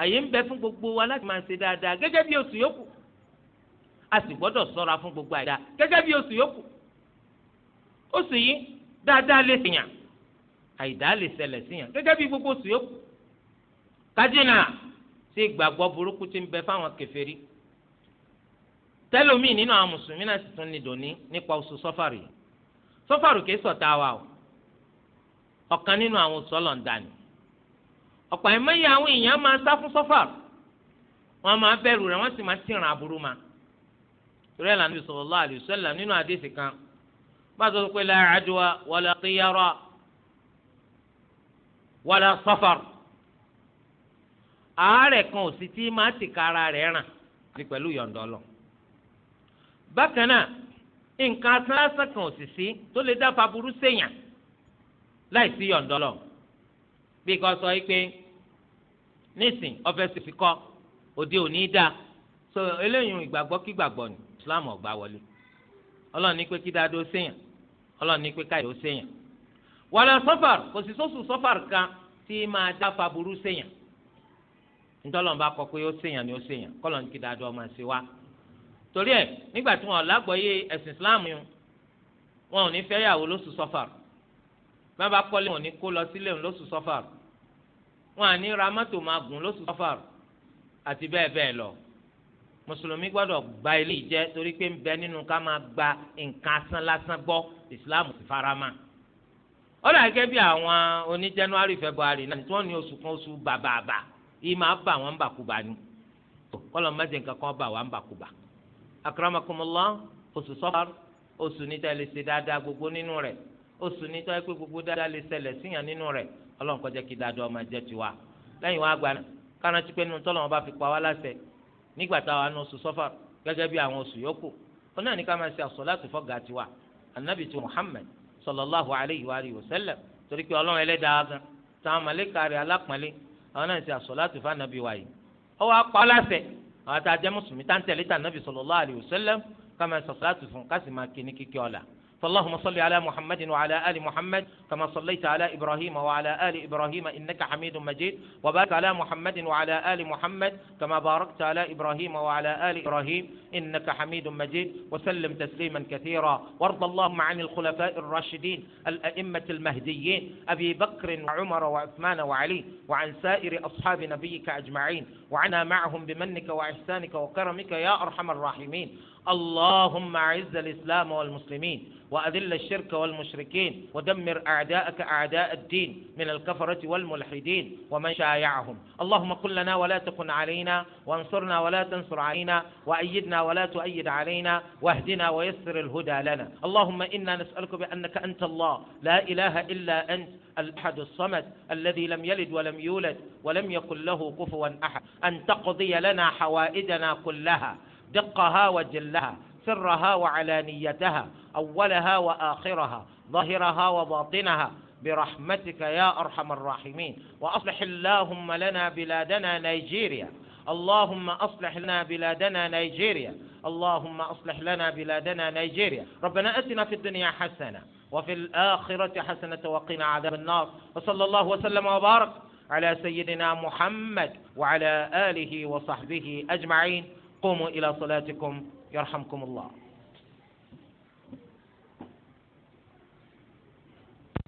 A: àyè ń bẹ fún gbogbo wa lati ma se daadaa gege bi oṣù yoku a sì gbọdọ sọra fún gbogbo àìdá gẹgẹ bí oṣù yòókù oṣù yìí dáadáa lè sèyàn àìdá lè ṣẹlẹ̀ síyàn gẹgẹ bí gbogbo oṣù yòókù kájínà sí ìgbàgbọ́ burúkú tí ń bẹ fáwọn kèfèrí tẹlomi nínú àwọn mùsùlùmí náà sì tún ní dòní nípa oṣù sọfàrù yìí sọfàrù kìí sọ̀tá wa o ọkan nínú àwọn oṣù ọlọ́ndàní ọ̀pọ̀ ẹ̀mẹ́yẹ àwọn èèyàn máa sá fún sọfàrù wọ́n máa bẹ̀rù rẹ̀ wọ́n sì máa tìràn aburú máa torí ẹ̀ lànà sallallahu alayhi wa sallam nínú àdéhìí kan bá a sọ pé la adwa wala tiyara wala safar àárẹ̀ kan ò sì tí máa ti ka ara rẹ̀ ràn ní pẹ̀lú yọ̀ǹdọ̀ lọ. bákan náà nǹkan asánlásán kan ò sì sí tó lè dá faburú séèyàn láì sí yọ̀ǹdọ̀ lọ. bí kò sọ pé nísìn ọ̀fẹ́ sì fi kọ́ òde òní dá so eléyìí ìgbàgbọ́ kí gbàgbọ́ ni islam ọ̀gbà wọlé ọlọ́run ní pé kí dáadó séyàn ọlọ́run ní pé káyọ̀ séyàn wàlẹ̀ sọ́fàr kò sì sọ́sù sọ́fàr kan tí máa dá faburú séyàn ntọ́lọ́n bá kọ pé ó séyàn ni ó séyàn kọ́lọ́n ní kí dáadó máa ṣe wá torí ẹ nígbà tí wọn lágbọ́yé ẹ̀sìn islam yìí wọn ò ní fẹ́ yàwó lóṣù sọ́fàr bá bá kọ́lé wọn ò ní kó lọ sílé wọn lóṣù sọ́fàr wọn à ní ra mọ́tò máa gùn lóṣù sọ́fàr àti bẹ́ẹ̀ bẹ́ẹ̀ lọ mùsùlùmí gbọ́dọ̀ gba ilé ìjẹ torí pé ń bẹ nínú ká máa gba nǹkan asán lásán gbọ́ ìsìláàmù sì farama ó dà gẹ́gẹ́ bí àwọn oní january february náà tí wọ́n ní oṣù kan oṣù bàbàbà yìí máa bà wọ́n bàkúbà ni kọ́lọ̀ mẹ́jẹ̀ nǹkan kan bà wọ́n bàkúbà akramakumullah oṣù sọ́fàr oṣù níta lè ṣe dáadáa gbogbo nínú rẹ̀ oṣù níta pé gbogbo dáadáa lè ṣẹlẹ̀ síyàn nínú rẹ̀ ọlọ́run kó jẹ́ kí dáadáa máa jẹ́ tiwa lẹ́yìn wá gbà náà káràntí pé nínú tọ́lọ́run bá fi pa wá láṣẹ nígbà táwa ní oṣù sọfà gẹ́gẹ́ bí àwọn oṣù yòókù ó náà ní ká máa ṣe àsọlátù fọgà tiwa anabi ti muhammed sallallahu alayhi wa alihi wa sallam torí pé ọlọ́run ẹlẹ́dàá gan táwọn màlẹ́kà rẹ̀ alápọ̀nlé àwọn náà ṣe àsọlátù fún anabi wa yìí ó wá pa ọ́ láṣẹ àwọn àti ajẹ́ mùsùlùmí táǹtẹ̀lẹ́tà anabi sallallahu alayhi wa sallam ká máa ṣe àsọlátù fún kásìmákì ní kíkẹ́ ọ̀la فاللهم صل على محمد وعلى آل محمد كما صليت على إبراهيم وعلى آل إبراهيم إنك حميد مجيد وبارك على محمد وعلى آل محمد كما باركت على إبراهيم وعلى آل إبراهيم إنك حميد مجيد وسلم تسليما كثيرا وارض اللهم عن الخلفاء الراشدين الأئمة المهديين أبي بكر وعمر وعثمان وعلي وعن سائر أصحاب نبيك أجمعين وعنا معهم بمنك وإحسانك وكرمك يا أرحم الراحمين اللهم أعز الإسلام والمسلمين وأذل الشرك والمشركين ودمر أعداءك أعداء الدين من الكفرة والملحدين ومن شايعهم اللهم كن لنا ولا تكن علينا وانصرنا ولا تنصر علينا وأيدنا ولا تؤيد علينا واهدنا ويسر الهدى لنا اللهم إنا نسألك بأنك أنت الله لا إله إلا أنت الأحد الصمد الذي لم يلد ولم يولد ولم يكن له كفوا أحد أن تقضي لنا حوائجنا كلها دقها وجلها سرها وعلانيتها أولها وآخرها ظاهرها وباطنها برحمتك يا أرحم الراحمين وأصلح اللهم لنا بلادنا نيجيريا اللهم أصلح لنا بلادنا نيجيريا اللهم أصلح لنا بلادنا نيجيريا ربنا أتنا في الدنيا حسنة وفي الآخرة حسنة وقنا عذاب النار وصلى الله وسلم وبارك على سيدنا محمد وعلى آله وصحبه أجمعين قوموا إلى صلاتكم يرحمكم الله